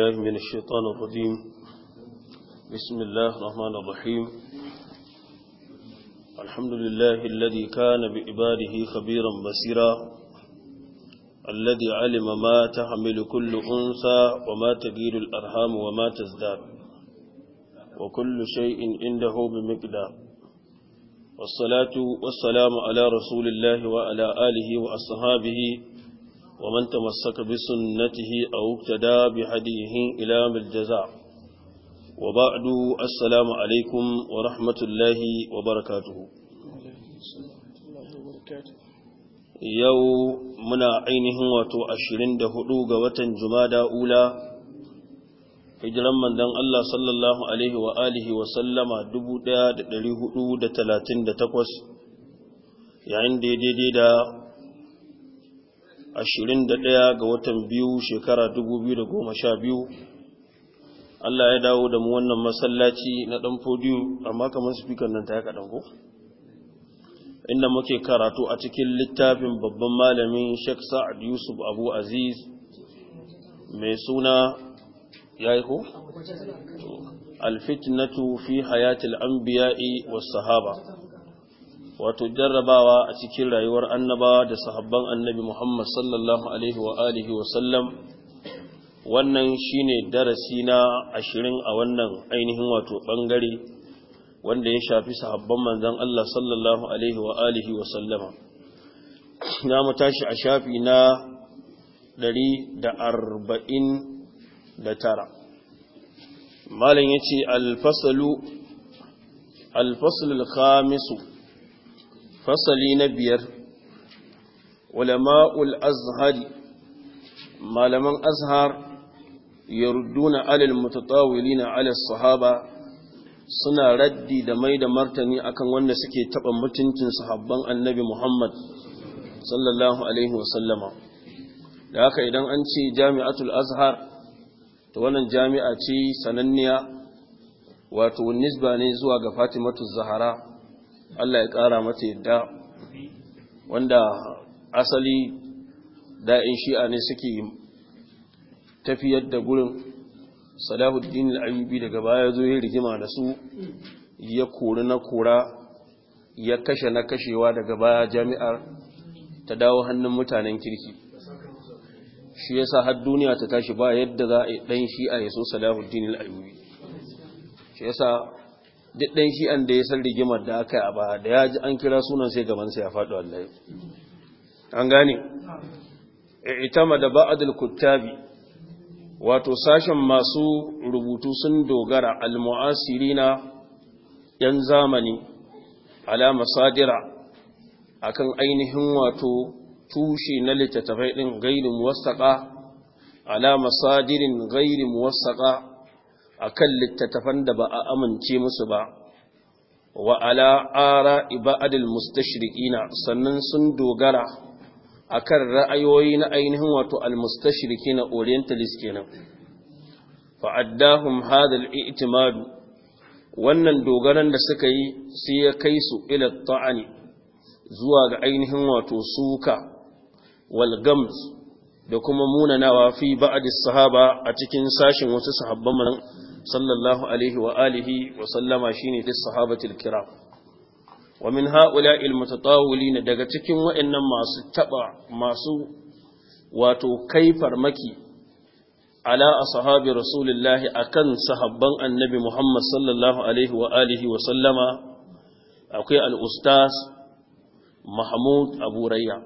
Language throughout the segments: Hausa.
بالله من الشيطان الرجيم بسم الله الرحمن الرحيم الحمد لله الذي كان بإباده خبيرا بصيرا الذي علم ما تحمل كل أنثى وما تجيل الأرحام وما تزداد وكل شيء عنده بمقدار والصلاة والسلام على رسول الله وعلى آله وأصحابه ومن تمسك بسنته أو اقتدى بهديه إلى الجزاء وبعد السلام عليكم ورحمة الله وبركاته yau muna ainihin wato ashirin da hudu ga watan da ula hijiran mandan Allah sallallahu alaihi wa alihi wa sallama dubu daya da dari hudu da talatin da takwas yayin daidai da 21 ga watan biyu shekara 2012 Allah ya dawo da mu wannan masallaci na dan fodiyo amma kamar speaker nan ta ya kadan ko inda muke karatu a cikin littafin babban malamin Sheikh Sa'ad Yusuf Abu Aziz mai suna yayi ko al-fitnatu fi hayatil anbiya'i was sahaba wato jarrabawa a cikin rayuwar annabawa da sahabban annabi Muhammad sallallahu alaihi wa alihi wa sallam wannan shine darasi na ashirin a wannan ainihin wato bangare wanda ya shafi sahabban manzon Allah sallallahu alaihi wa alihi wa sallama na mu tashi a shafi na 149 malam yace al-fasalu al-fasl al fasali na biyar ulama'ul azhari malaman azhar yarduna alal mutatawilina alal sahaba suna raddi da mai da martani akan wanda suke taba mutuncin sahabban annabi Muhammad sallallahu alaihi wasallama da haka idan an ce jami'atul azhar ta wannan jami'a ce sananniya wato nisba ne zuwa ga Fatimatu Zahra Allah ya ƙara mata yadda wanda asali da'in shi'a ne suke tafiyar da gurin salahuddin al'ayyubi daga baya zo ya rigima da su ya kori na kora ya kashe na kashewa daga baya jami'ar ta dawo hannun mutanen kirki shi yasa har duniya ta tashi ba yadda za a ɗan shi'a ya so salahuddin al'ayyubi shi sa duk ɗan shi an da ya san rigimar da aka yi a baya da ya ji an kira sunan sai gabansa ya faɗo Allah an gane itama da ba'adul kuttabi wato sashen masu rubutu sun dogara almu'asirina yan zamani ala masadira akan ainihin wato tushe na littattafai ɗin gairin wasaƙa ala sadirin gairin wasaƙa akan littattafan da ba a amince musu ba wa ala ara ibadil mustashriqina sannan sun dogara akan ra'ayoyi na ainihin wato al mustashriqina orientalist kenan fa addahum hadha al i'timad wannan dogaran da suka yi sai ya kai su ila ta'ani zuwa ga ainihin wato suka wal gams da kuma munanawa fi ba'adis sahaba a cikin sashin wasu sahabban manan sallallahu alaihi wa alihi wa sallama shine duk sahabatul kiram wa min haula'i almutatawilin daga cikin waɗannan masu taba masu wato kai farmaki ala ashabi rasulullahi akan sahabban annabi Muhammad sallallahu alaihi wa alihi wa sallama akwai al-ustaz Mahmud Abu Rayya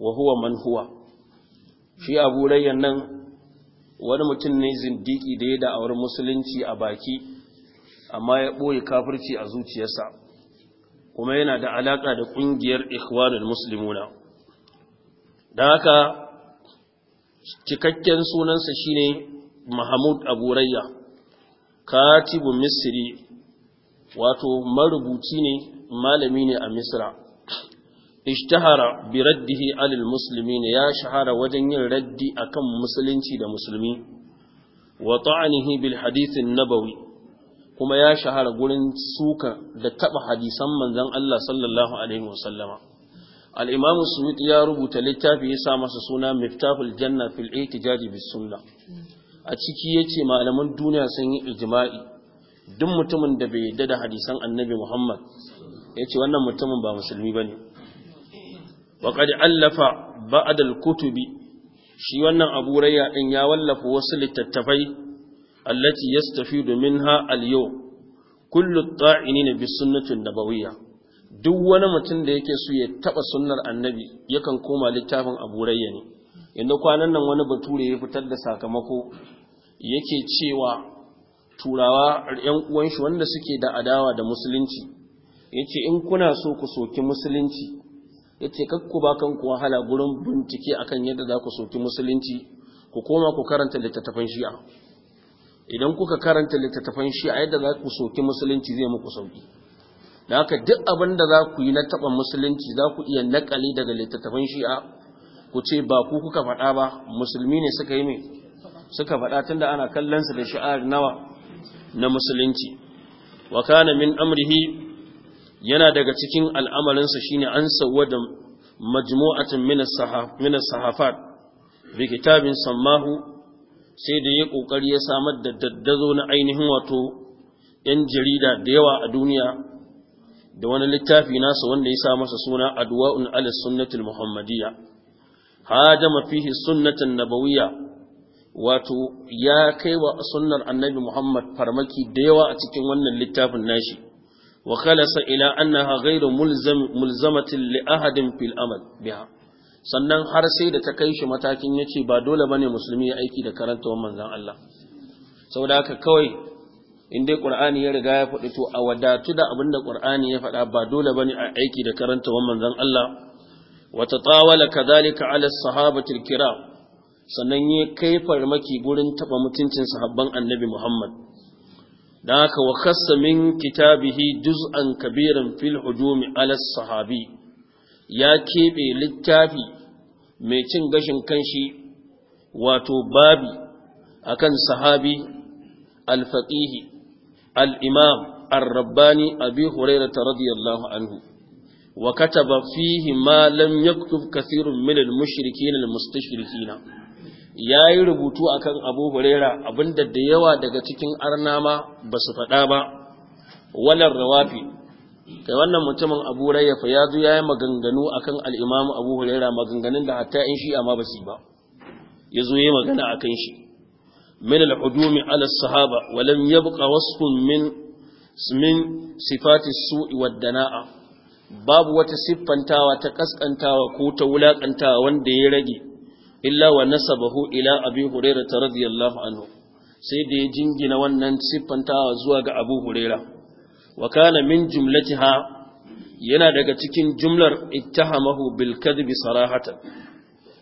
wa huwa man huwa shi Abu Rayyan nan wani mutum ne zindiki da ya da'awar musulunci a baki amma ya ɓoye kafirci a zuciyarsa kuma yana da alaƙa da ƙungiyar ikhwanul muslimuna Da haka cikakken sunansa shine mahmud abu rayya katibun misri wato marubuci ne malami ne a misra ishtahara bi raddihi alil muslimin ya shahara wajen yin raddi akan musulunci da musulmi wa ta'anihi bil hadith nabawi kuma ya shahara gurin suka da taba hadisan manzon Allah sallallahu alaihi wasallama al-imam suyuti ya rubuta littafi ya sa masa suna miftahul janna fil ihtijaji bis sunnah a ciki yace malaman duniya sun yi ijma'i duk mutumin da bai yarda da hadisan annabi Muhammad yace wannan mutumin ba musulmi bane وقد ألف بعد Kutubi shi wannan abu rayya din ya wallafa wasu littattafai allati yastafidu minha al-yau kullu ta'inin bi da nabawiyya duk wani mutum da yake so ya taba sunnar annabi yakan koma littafin abu rayya ne inda kwanan nan wani bature ya fitar da sakamako yake cewa turawa yan uwan shi wanda suke da adawa da musulunci yace in kuna so ku soki musulunci ya ce kakku ba kanku wahala gurin bincike akan yadda za ku soki musulunci ku koma ku karanta littattafan shi'a idan kuka karanta littattafan shi'a yadda za ku soki musulunci zai muku sauki da haka duk abin da za ku yi na taɓa musulunci za ku iya nakali daga littattafan shi'a ku ce ba ku kuka faɗa ba musulmi ne suka yi mai suka faɗa tun da ana su da shi'ar nawa na musulunci wa min amrihi yana daga cikin al'amarinsa shine an sauwa da majmu'atin min sahafat bi kitabin sammahu sai da ya ƙoƙari ya samar da daddazo na ainihin wato yan jarida da yawa a duniya da wani littafi nasa wanda ya sa masa suna adwa'un ala sunnatul muhammadiyya hajama fihi sunnatan nabawiyya wato ya kai wa sunnar annabi muhammad farmaki da yawa a cikin wannan littafin nashi wa khalasa ila annaha ghairu mulzam mulzamatin li ahadin fil biha sannan har sai da ta kai shi matakin yace ba dole ne musulmi ya aiki da karantawar manzan Allah saboda haka kawai in dai ƙur'ani ya riga ya faɗi to a wadatu da abinda ƙur'ani ya faɗa ba dole ne a aiki da karanta manzan manzon Allah wa tatawala kadhalika ala sahabatul kira sannan ya kai farmaki gurin taɓa mutuncin sahabban annabi Muhammad da haka wa min kitabihi juz'an kabiran fil hujumi ala sahabi ya keɓe littafi mai cin gashin kanshi wato babi akan sahabi al-faqihi al-imam ar-rabbani abi hurairah radiyallahu anhu wa kataba fihi ma lam yaktub kathirun min al-mushrikeen al ya yi rubutu a kan abu huraira abinda da yawa daga cikin arnama ba su faɗa ba walar rawafi kai wannan mutumin abu rayyafa ya zo ya yi maganganu a kan al’imam abu hurera maganganun da hatta in shi amma ba su ba ya zo ya yi magana a kan shi min al'udumi ala sahaba walam ya buƙa wasu min min sifati su iwaddana'a babu wata siffantawa ta ƙasƙantawa ko ta wulakantawa wanda ya rage illa wa nasabahu ila abi hurairah radiyallahu anhu sai da ya jingina wannan siffantawa zuwa ga abu hurairah wa kana min jumlatiha yana daga cikin jumlar ittahamahu bil kadhibi sarahatan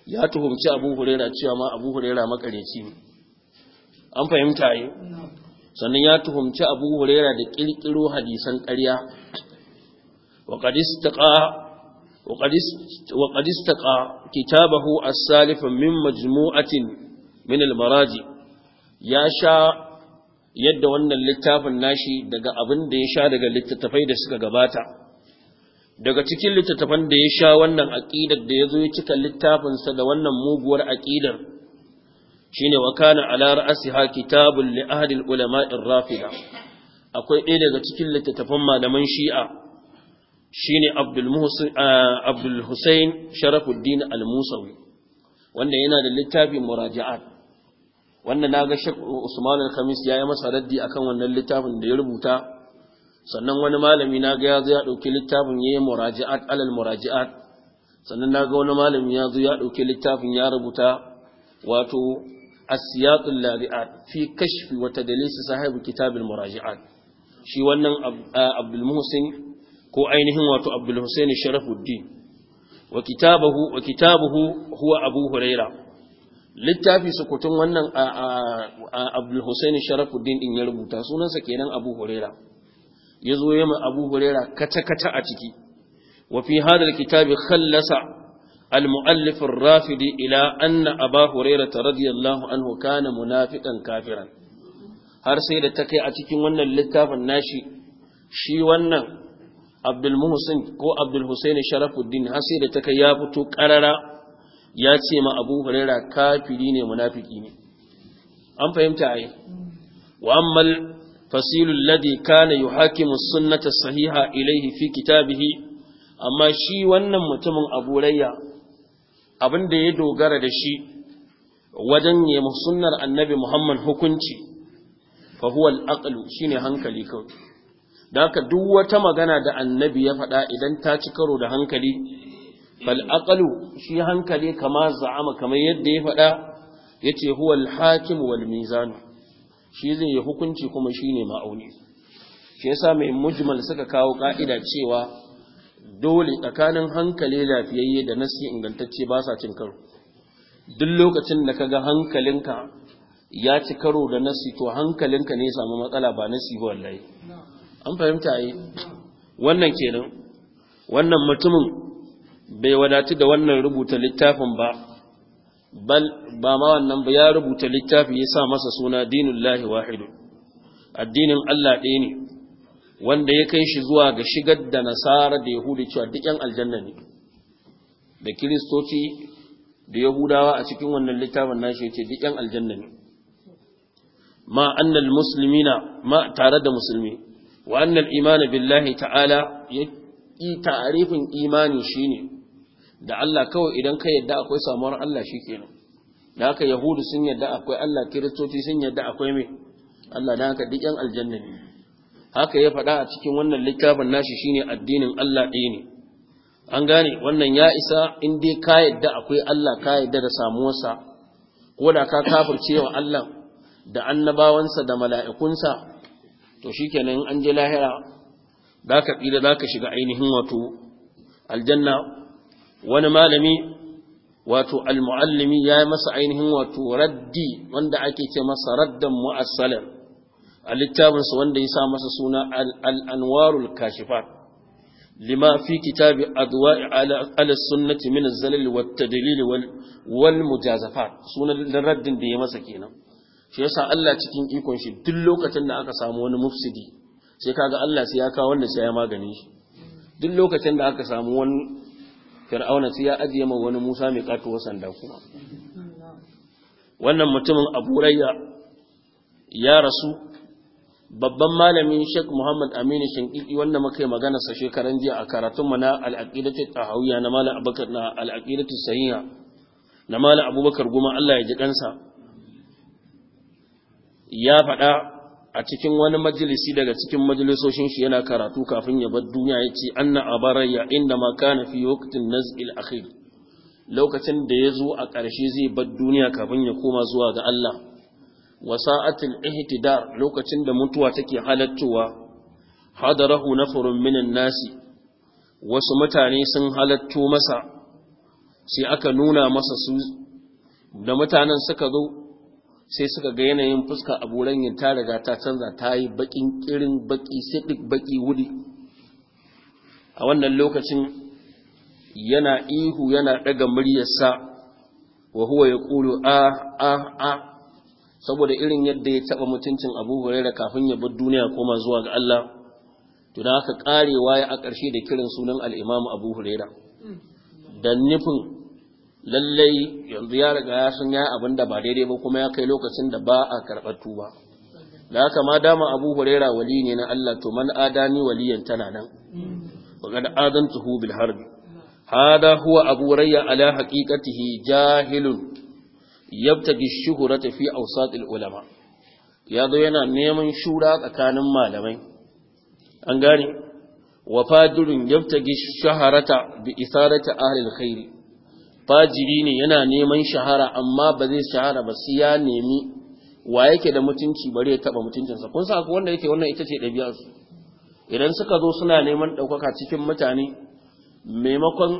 ya tuhumci abu hurairah cewa ma abu hurairah makareci ne an fahimta yi sannan ya tuhumci abu hurairah da kirkiro hadisan ƙarya wa qad istaqa وقد استقى كتابه السالف من مجموعة من المراجع يا شاء yadda wannan littafin nashi daga abin da ya sha daga littattafai da suka gabata daga cikin littattafan da ya sha wannan aqidar da ya zo ya cika littafin sa da wannan muguwar aqidar shine wa kana Asiha ra'siha kitabul li ahli al ulama ar rafida akwai ɗaya daga cikin littattafan malaman shi'a shine Abdul Muhsin uh, Abdul Sharafuddin Al-Musawi wanda yana da littafin muraji'at wanda naga Sheikh Usman Al-Khamis yi masa raddi akan wannan littafin da ya rubuta sannan wani malami naga ya zo ya ɗauki littafin yayi muraji'at alal muraji'at sannan ga wani malami ya zo ya ɗauki littafin ya rubuta wato السياط fi في كشف وتدليس صاحب كتاب المراجعات Shi wannan uh, Abdul Muhsin ko ainihin wato Abdul Hussein Sharafuddin wa kitabahu wa kitabuhu huwa Abu Huraira littafi sukutun wannan Abdul Hussein Sharafuddin din ya rubuta sunansa kenan Abu Huraira yazo yema Abu Huraira kata kata a ciki wa fi hadha alkitabi khallasa المؤلف الرافدي إلى أن أبا هريرة radiyallahu الله عنه كان kafiran. har sai da ta kai a cikin wannan littafin nashi shi wannan abdul ko abdul sharafuddin har da ta kai ya fito karara ya ce ma abu huraira kafiri ne munafiki ne an fahimta ai wa ammal fasilul ladhi kana yuhakimu sunnata sahiha ilaihi fi kitabihi amma shi wannan mutumin aburayya abinda abin da ya dogara da shi wajen nemi sunnar annabi muhammad hukunci fa huwa aqlu shine hankali kawai da haka duk wata magana da annabi ya faɗa idan ta ci karo da hankali bal aqalu shi hankali kama za'ama kamar yadda ya faɗa yace huwa al hakim wal mizan shi zai yi hukunci kuma shine ma'auni shi yasa mai mujmal suka kawo ka'ida cewa dole tsakanin hankali lafiyayye da nasi ingantacce ba sa cin karo duk lokacin da kaga hankalinka ya ci karo da nasi to hankalinka ne ya samu matsala ba nasi ba wallahi an fahimta yi wannan kenan wannan mutumin bai wadatu da wannan rubuta littafin ba bal ba ma wannan ba ya rubuta littafin ya sa masa suna lahi wahidu addinin Allah ɗaya ne wanda ya kai shi zuwa ga shigar da nasara da yahudi cewa duk yan aljanna ne da kiristoci da yahudawa a cikin wannan littafin nashi ce duk yan aljanna ne ma annal muslimina ma tare da musulmi wa annal imani billahi ta'ala ya yi ta'arifin imani shine da Allah kawai idan ka yadda akwai samuwar Allah shi nan, da haka yahudu sun yadda akwai Allah kiristoci sun yadda akwai mai Allah da haka duk aljanna ne haka ya faɗa a cikin wannan littafin nashi shine addinin Allah ɗaya ne an gane wannan ya isa in dai ka yadda akwai Allah ka yadda da samuwarsa ko da ka kafirce wa Allah da annabawansa da mala'ikunsa to kenan an je lahira za ka tsira za ka shiga ainihin wato aljanna wani malami wato almu'allimi ya yi masa ainihin wato raddi wanda ake ce masa raddan mu'assalam a littafinsa wanda ya sa masa suna al'anwarul kashifat lima fi kitabi adwa ala sunnati min zalil wata wat wal mujazafat sunan raddin da ya masa kenan shi yasa Allah cikin ikon shi duk lokacin da aka samu wani mufsidi sai kaga Allah sai ya kawo wanda sai ya magane shi duk lokacin da aka samu wani fir'auna sai ya ajiye ma wani Musa mai katuwa sanda kuma wannan mutumin Abu Rayya ya rasu babban malamin Sheikh Muhammad Aminu Shinkiki wanda muka yi magana sa shekaran jiya a karatun mu na al-aqidatu tahawiyya na malam Abubakar na al-aqidatu sahiha na malam Abubakar goma Allah ya ji kansa ya faɗa a cikin wani majalisi daga cikin majalisoshin shi yana karatu kafin ya bar duniya ya ce anna abarayya inda ma kana fi waqtin nazil akhir lokacin da ya zo a ƙarshe zai bar duniya kafin ya koma zuwa ga Allah wa sa'atil ihtidar lokacin da mutuwa take halattuwa hadarahu nafarun minan nasi wasu mutane sun halatto masa sai aka nuna masa su da mutanen suka zo sai suka ga yanayin fuska abu ranyin ta riga ta canza ta yi bakin kirin baki sidik baki wuri a wannan lokacin yana ihu yana daga muryarsa wa huwa kulu a ah, a ah, a ah. saboda irin yadda ya taba mutuncin Abu Hurairah kafin ya bar duniya koma zuwa ga Allah to da haka karewa ya a ƙarshe da kiran sunan al-Imam Abu Hurairah hmm. da nufin lallai yanzu ya riga ya sun ya abin da ba daidai ba kuma ya kai lokacin da ba a karɓatu tuba da haka ma dama abu huraira wali ne na Allah to man adani waliyan tana nan wa qad adantuhu bil harb hada huwa abu huraira ala haqiqatihi jahilun yabtagi shuhrata fi awsat al ulama ya zo yana neman shura tsakanin malamai an gane wa fadurun yabtagi shuhrata bi isarati ahli al khairi fajiri ne yana neman shahara amma ba zai shahara ba sai ya nemi wa yake da mutunci bare ya taba mutuncinsa kun sa ko wanda yake wannan ita ce ɗabi'ar su idan suka zo suna neman ɗaukaka cikin mutane maimakon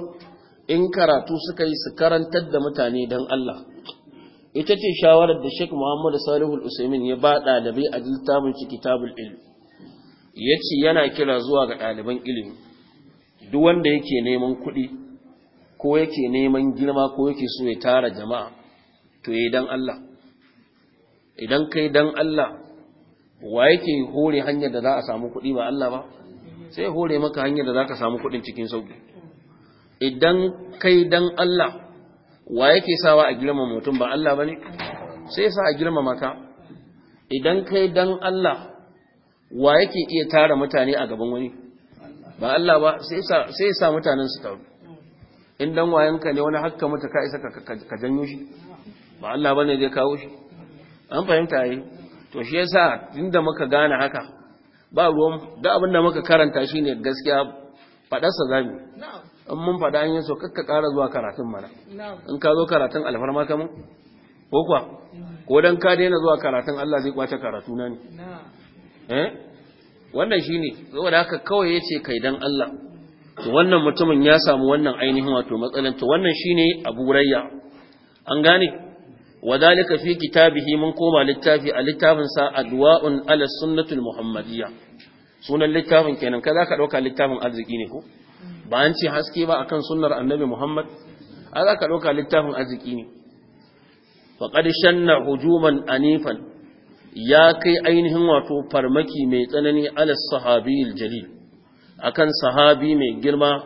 in karatu suka yi su karantar da mutane dan Allah ita ce shawarar da Sheikh Muhammad Salihu Al-Usaimin ya ba ɗalibai a littafin shi Kitabul Ilm yace yana kira zuwa ga ɗaliban ilimi duk wanda yake neman kuɗi ko yake neman girma ko yake so ya tara jama'a to yi dan Allah idan kai dan Allah wa yake hore hanyar da za a samu kuɗi ba Allah ba sai hore maka hanyar da za ka samu kuɗin cikin sauƙi idan kai dan Allah wa yake sawa a girma mutum ba Allah ba ne sai sa a girma maka idan kai dan Allah wa yake iya tara mutane a gaban wani ba Allah ba sai sa mutanen su taru in dan wayanka ne wani hakka mata ka isa ka janyo shi ba Allah bane zai kawo shi an fahimta yi to shi yasa inda muka gane haka ba ruwan da abin da muka karanta shine gaskiya za zamu in mun fada an yi so kakka ƙara zuwa karatun mana in ka zo karatun alfarma kamun ko kuwa ko dan ka daina zuwa karatun Allah zai kwace karatu na ne eh wannan shine saboda haka kawai yace kai dan Allah wannan mutumin ya samu wannan ainihin wato matsalan to wannan shine Abu Hurayra an gane wadalika fi kitabihi mun koma littafi a littafin sa adwa'un ala sunnatul muhammadiyya sunan littafin kenan kaza ka dauka littafin arziki ne ko ba an ce haske ba akan sunnar annabi Muhammad a za ka ɗauka littafin arziki ne faƙar shanna hujuman anifan ya kai ainihin wato farmaki mai tsanani alas sahabiyil jalil akan sahabi mai girma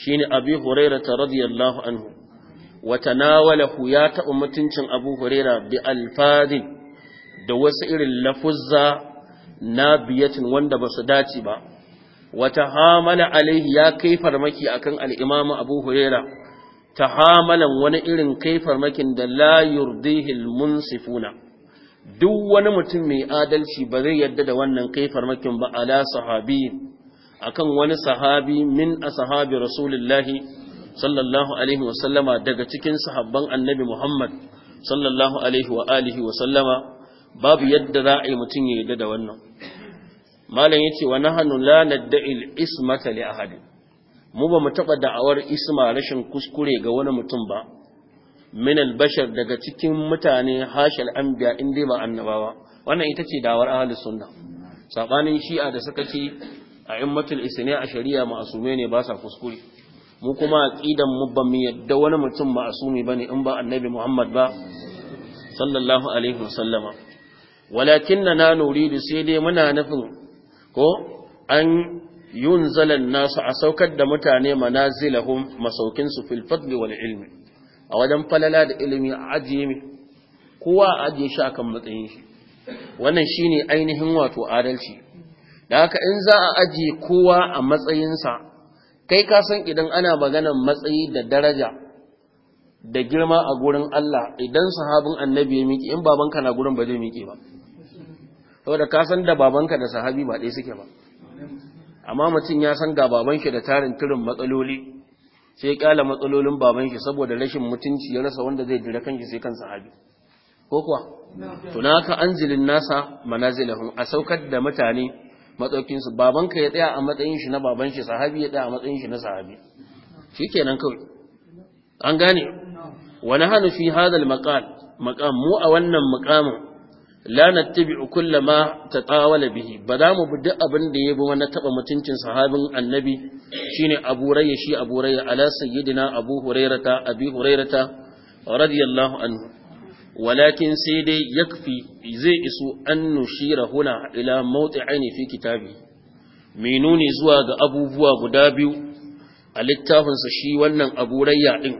shine abi hurairah radiyallahu anhu wa tanawalahu ya taɓa mutuncin abu hurairah bi alfadin da wasu irin lafuzza na biyatin wanda ba su dace ba wata hamala alaihi ya kai farmaki akan al'imamu abu hurera ta wani irin kai farmakin da layur dihil munsifuna duk wani mutum mai adalci ba zai yadda da wannan kai farmakin ba ala sahabi akan wani sahabi min ashabi rasulillahi sallallahu alaihi wa sallama daga cikin sahabban annabi Muhammad sallallahu alaihi wa alihi wa sallama babu yadda za a yi mutum ya yadda da wannan malam ce wa hannu la da al-ismata li ahadin mu ba mu taɓa da'awar isma rashin kuskure ga wani mutum ba min albashar daga cikin mutane hashal anbiya in dai ba annabawa wannan ita ce da'awar ahlus sunna saɓanin shi'a da suka ce a immatul isne a shari'a ma'asume ne ba sa kuskure mu kuma a mu ban mu yadda wani mutum ma'asumi ba ne in ba annabi Muhammad ba sallallahu alaihi wasallama walakinna nuridu sai dai muna nufin ko an yunzalan nasu a saukar da mutane manazilahum masaukinsu fil fadli wal ilmi a wajen falala da ilimi a ajiye kowa a ajiye shi akan matsayin shi wannan shine ainihin wato adalci da haka in za a ajiye kowa a matsayinsa kai ka san idan ana maganan matsayi da daraja da girma a gurin Allah idan sahabin annabi ya miƙe in babanka na gurin ba zai miƙe ba saboda ka san da babanka da sahabi ba ɗaya suke ba amma mutum ya san ga baban shi da tarin turin matsaloli sai ya kyala matsalolin baban shi saboda rashin mutunci ya rasa wanda zai jira kanshi sai kan sahabi ko kuwa to anzilin nasa manazilahum a saukar da mutane matsaukin su babanka ya tsaya a matsayin shi na baban shi sahabi ya tsaya a matsayin shi na sahabi shikenan kawai an gane Wani hannu fi hadal al maqam mu a wannan maqamin la nattabi'u kulla ma tatawala bihi ba za mu bi duk abin da ya bi wani taba mutuncin sahabin annabi shine Abu Rayya shi Abu Rayya ala sayyidina Abu Hurairata Abi Hurairata radiyallahu anhu walakin sai dai yakfi zai isu an nushira huna ila mawdi ainihi fi kitabi mai nuni zuwa ga abubuwa guda biyu a littafinsa shi wannan abu rayya din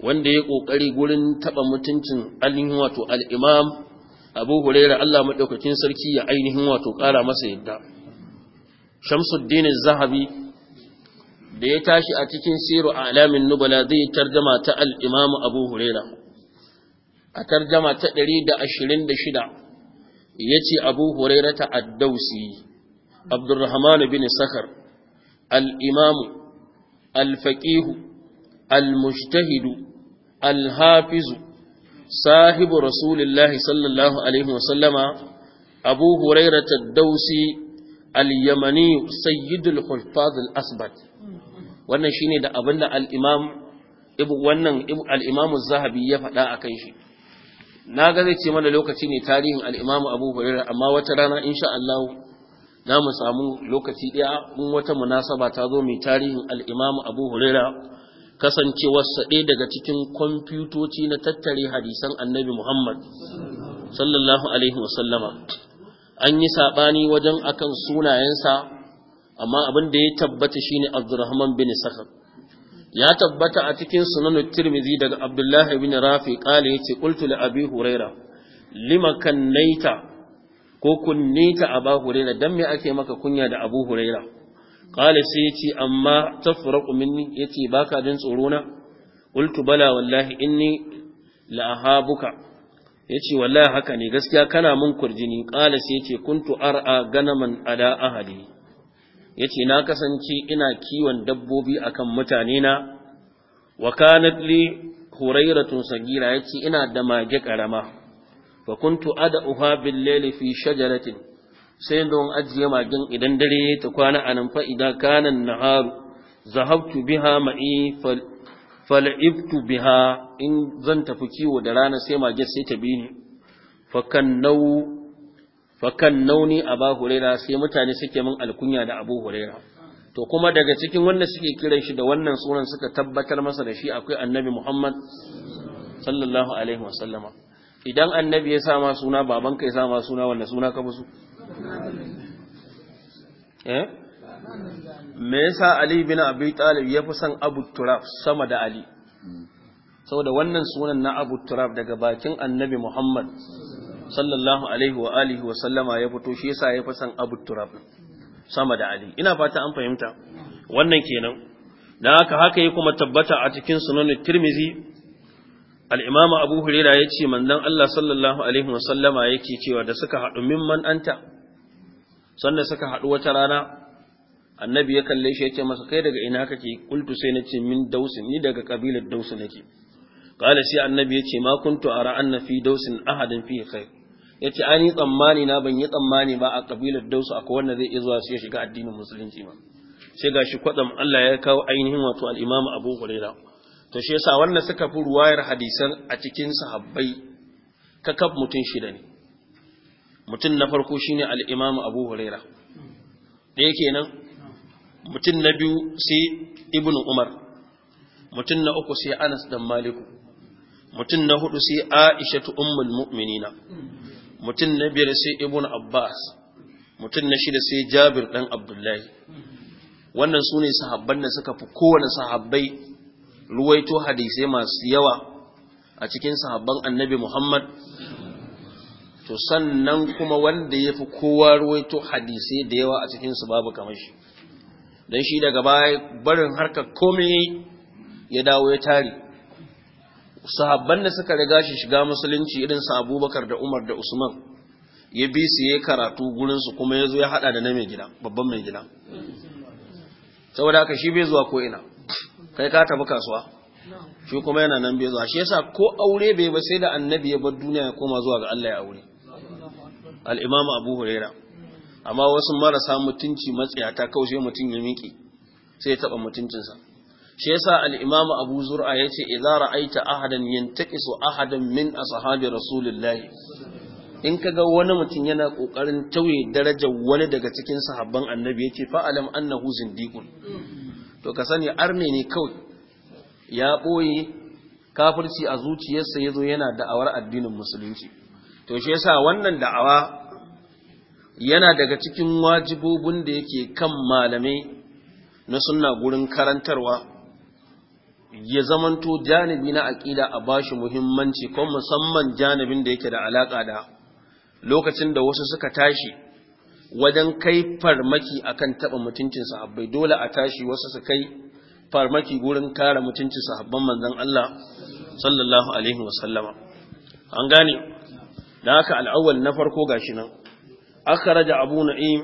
wanda ya kokari gurin taba mutuncin ainihin wato al-imam abu huraira Allah madaukakin sarki ya ainihin wato kara masa yadda shamsuddin az-zahabi da ya tashi a cikin siru alamin nubala zai tarjama ta al-imam abu huraira a tarjama ta 126 ce Abu Hurairata Ad-Dausi Abdurrahman bin Sakhar al imamu al-Faqih al-Mujtahid al-Hafiz صاحب رسول الله صلى الله عليه وسلم أبو هريرة الدوسي اليمني سيد الحفاظ wannan shine da abinda al-Imam wannan al-Imam az-Zahabi ya faɗa akan shi na ga zai ce mana lokaci ne tarihin al'imamu abu hurira amma wata rana insha Allah na mu samu lokaci ɗaya in wata munasaba ta zo mai tarihin al'imamu abu hurira kasancewarsa ɗaya daga cikin kwamfutoci na tattare hadisan annabi muhammad sallallahu alaihi wasallama an yi saɓani wajen akan sunayensa amma abin da ya tabbata shine abdurrahman bin sakar ya tabbata a cikin sunan tirmizi daga abdullahi bin rafi kala ya ce ƙultu da abi huraira lima kannaita ko kunnita ba huraira don me ake maka kunya da abu huraira kala sai ya ce amma tafraku minni ya ce ba ka jin tsoro na ƙultu bala wallahi inni la'ahabuka ya ce wallahi haka ne gaskiya kana mun kurjini kala sai ya ce kuntu ar'a ganaman ada ahali ya ce na kasance ina kiwon dabbobi akan mutane na wa kanat li hurairatun sagira ya ce ina da mage karama fa kuntu ada uha layli fi shajaratin sai don ajiye magen idan dare ta kwana a fa idan kana nahar zahabtu biha ma'i fal'ibtu biha in zan tafi kiwo da rana sai mage sai ta bi ni fa kan nau fakan nauni aba huraira sai mutane suke min alkunya da abu huraira to kuma daga cikin wanda suke kiran shi da wannan sunan suka tabbatar masa da shi akwai annabi muhammad sallallahu alaihi wasallama idan annabi ya sama suna babanka ya sama suna wanda suna ka musu eh me yasa ali bin abi talib ya fi son abu Turaf sama da ali saboda wannan sunan na abu Turaf daga bakin annabi muhammad sallallahu alaihi wa alihi wa sallama ya fito shi yasa ya fi san abu turab sama da ali ina fata an fahimta wannan kenan dan haka haka ya kuma tabbata a cikin sunan tirmizi al-imam abu huraira yace manzon Allah sallallahu alaihi wa sallama yake cewa da suka hadu mimman anta sanda suka haɗu wata rana annabi ya kalle shi yace masa kai daga ina kake kultu sai nace min dausin ni daga kabilar Daus nake قال سي النبي يتي ما كنت أرى أن في دوس أحد فيه خير ya ce an yi tsammani na ban yi tsammani ba a ƙabilar dausu a wanda zai iya zuwa su ya shiga addinin musulunci ba? sai ga shi kwatsam Allah ya kawo ainihin wato al'imamu abu huraira to shi yasa wannan suka fi ruwayar hadisan a cikin sahabbai kakaf mutum shida ne mutum na farko shine al'imamu abu Da ɗaya kenan mutum na biyu sai ibnu umar mutum na uku sai anas dan maliku mutum na hudu sai aishatu ummul mu'minina mutum na biyar sai ibn abbas mutum na shida sai jabir ɗan abdullahi wannan su ne sahabban da suka fi kowane sahabbai ruwaito hadisai masu yawa a cikin sahabban annabi muhammad to sannan kuma wanda ya fi kowa ruwaito hadisai da yawa a cikinsu babu kamar shi don shi daga baya barin harkar komai ya dawo ya tare sahabban da suka riga shi shiga musulunci irin su abubakar da umar da usman ya bi su ya karatu su kuma ya zo ya hada da na mai gida babban mai gida saboda haka shi bai zuwa ko ina kai ka tafi kasuwa shi kuma yana nan bai zuwa shi yasa ko aure bai ba sai da annabi ya bar duniya ya koma zuwa ga Allah ya aure al-imamu abu huraira amma wasu marasa mutunci matsiyata kaushe mutum ya miƙe sai ya taba mutuncinsa shi yasa al-imam abu zur'a yace idza ra'aita ahadan yantaqisu ahadan min ashabi rasulillah in kaga wani mutum yana kokarin tauye darajar wani daga cikin sahabban annabi yace fa alam annahu zindiqun to ka sani arne ne kawai ya boye kafirci a zuciyarsa yazo yana da'awar addinin musulunci to shi yasa wannan da'awa yana daga cikin wajibobin da yake kan malamai na sunna gurin karantarwa ya zamanto janibi na aƙida a bashi muhimmanci kuma musamman janibin da yake da alaƙa da lokacin da wasu suka tashi wajen kai farmaki akan taɓa mutuncin sahabbai dole a tashi wasu su kai farmaki gurin kare mutuncin sahabban manzan Allah sallallahu alaihi wasallama an gane da haka al'awwal na farko gashi nan akhraja abu na'im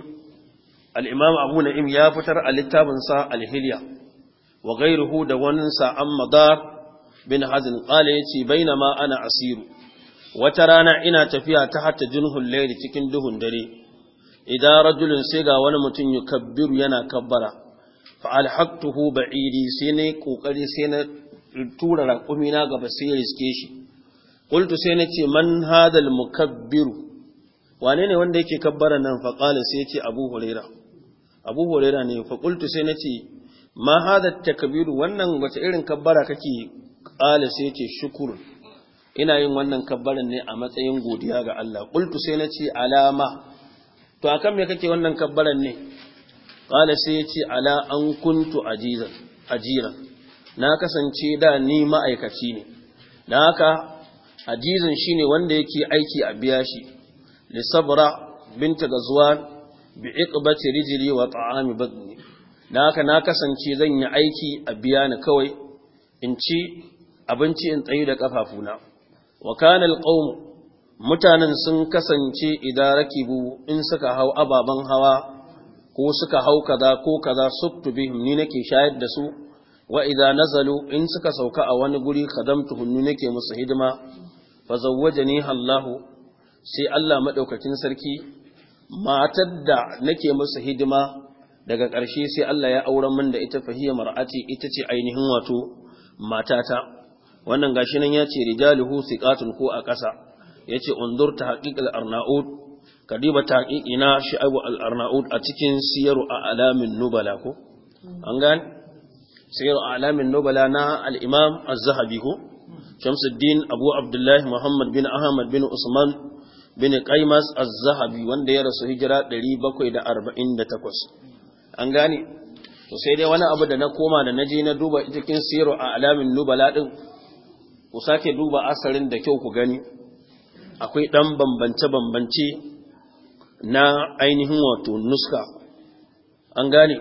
al'imam abu na'im ya fitar a littafinsa alhiliya wa ghairuhu da waninsa an madar bin hazin qala yace bainama ana asiru wata rana ina tafiya ta hata junhul lairi cikin duhun dare idan rajulun sai ga wani mutum ya kabbiru yana kabbara fa ba iri sai ne kokari sai na tura raƙumi na gaba sai riske shi Ƙultu sai na ce man hadal mukabbiru wane ne wanda yake kabbara nan fa qala sai yace abu huraira abu huraira ne fa sai na ce ma hada takbiru wannan wace irin kabbara kake qala sai yace, shukur ina yin wannan kabbaran ne a matsayin godiya ga Allah qultu sai na ce alama to akan me kake wannan kabbaran ne qala sai ya ala an kuntu ajizan ajiran na kasance da ni ma'aikaci ne dan haka ajizan shine wanda yake aiki a biya shi li sabra binta gazwan bi iqbati rijli wa ta'ami badni na na kasance zan yi aiki a biya ni kawai in ci abinci in tsayi da ƙafafuna. wa kana alqawm mutanen sun kasance idan buhu in suka hau ababen hawa ko suka hau kaza ko kaza suktu bihim ni nake shayar da su wa idza nazalu in suka sauka a wani guri khadamtuhum ni nake musu hidima fa zawwajani Allahu sai Allah madaukakin sarki matar da nake musu hidima daga ƙarshe sai Allah ya auren min da ita fahiya mar'ati ita ce ainihin wato matata wannan gashi nan ya ce rijaluhu siqatun ku a ƙasa yace undur ta haqiqal arnaud kadiba ta haqiqina shi'abu al arnaud a cikin siyaru a alamin nubala ko an gane siyaru alamin nubala na al imam az-zahabi ko shamsuddin abu abdullahi muhammad bin ahmad bin usman bin qaymas az-zahabi wanda ya rasu hijira 748 an gane to sai dai wani abu da na koma da na na duba cikin siru a alamin nubala din ku sake duba asarin da kyau ku gani akwai dan bambance-bambance na ainihin wato nuska an gane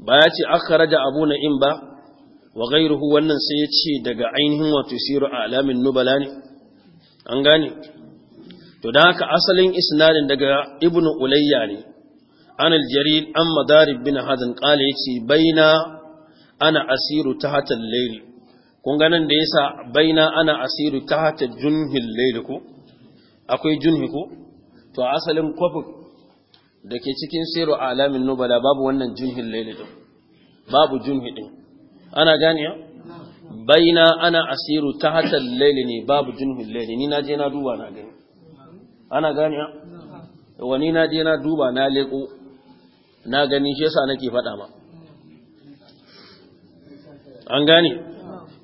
ba ya ce da abu na'im ba wa ghairuhu wannan sai ya ce daga ainihin wato siru a alamin nubala ne an gane to dan haka asalin isnadin daga ibnu ulayya ne an aljarid an madarib bin hazan kala ya ce baina ana asiru ta hatar laili kun ganin da yasa baina ana asiru ta hatar junhin laili ko akwai junhi ko to a asalin kwafin da ke cikin siru alamin nubala babu wannan junhin laili din babu junhi din ana ganiya baina ana asiru ta hatar laili ne babu junhin laili ni na je na duba na gani ana ganiya wani na je na duba na leko na gani shi yasa nake faɗa ma an gane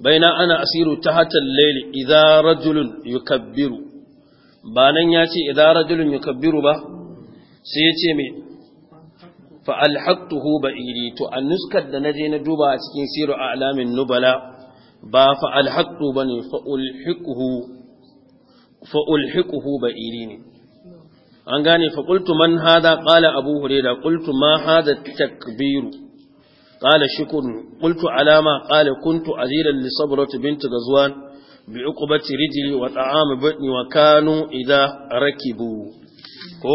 baina ana asiru ta hatal laili idza rajulun yukabbiru ba nan ya ce rajulun yukabbiru ba sai ya ce me fa alhaqtuhu ba'iri to an nuskar da naje na duba a cikin siru a alamin nubala ba fa alhaqtu bane fa ulhiquhu fa ulhiquhu ba'iri ne an gane fa qultu man hada qala abu hurayra qultu ma hada takbiru qala shukun qultu alama qala kuntu azira li sabrati bint ghazwan bi uqbati rijli wa ta'am batni wa kanu idha rakibu ko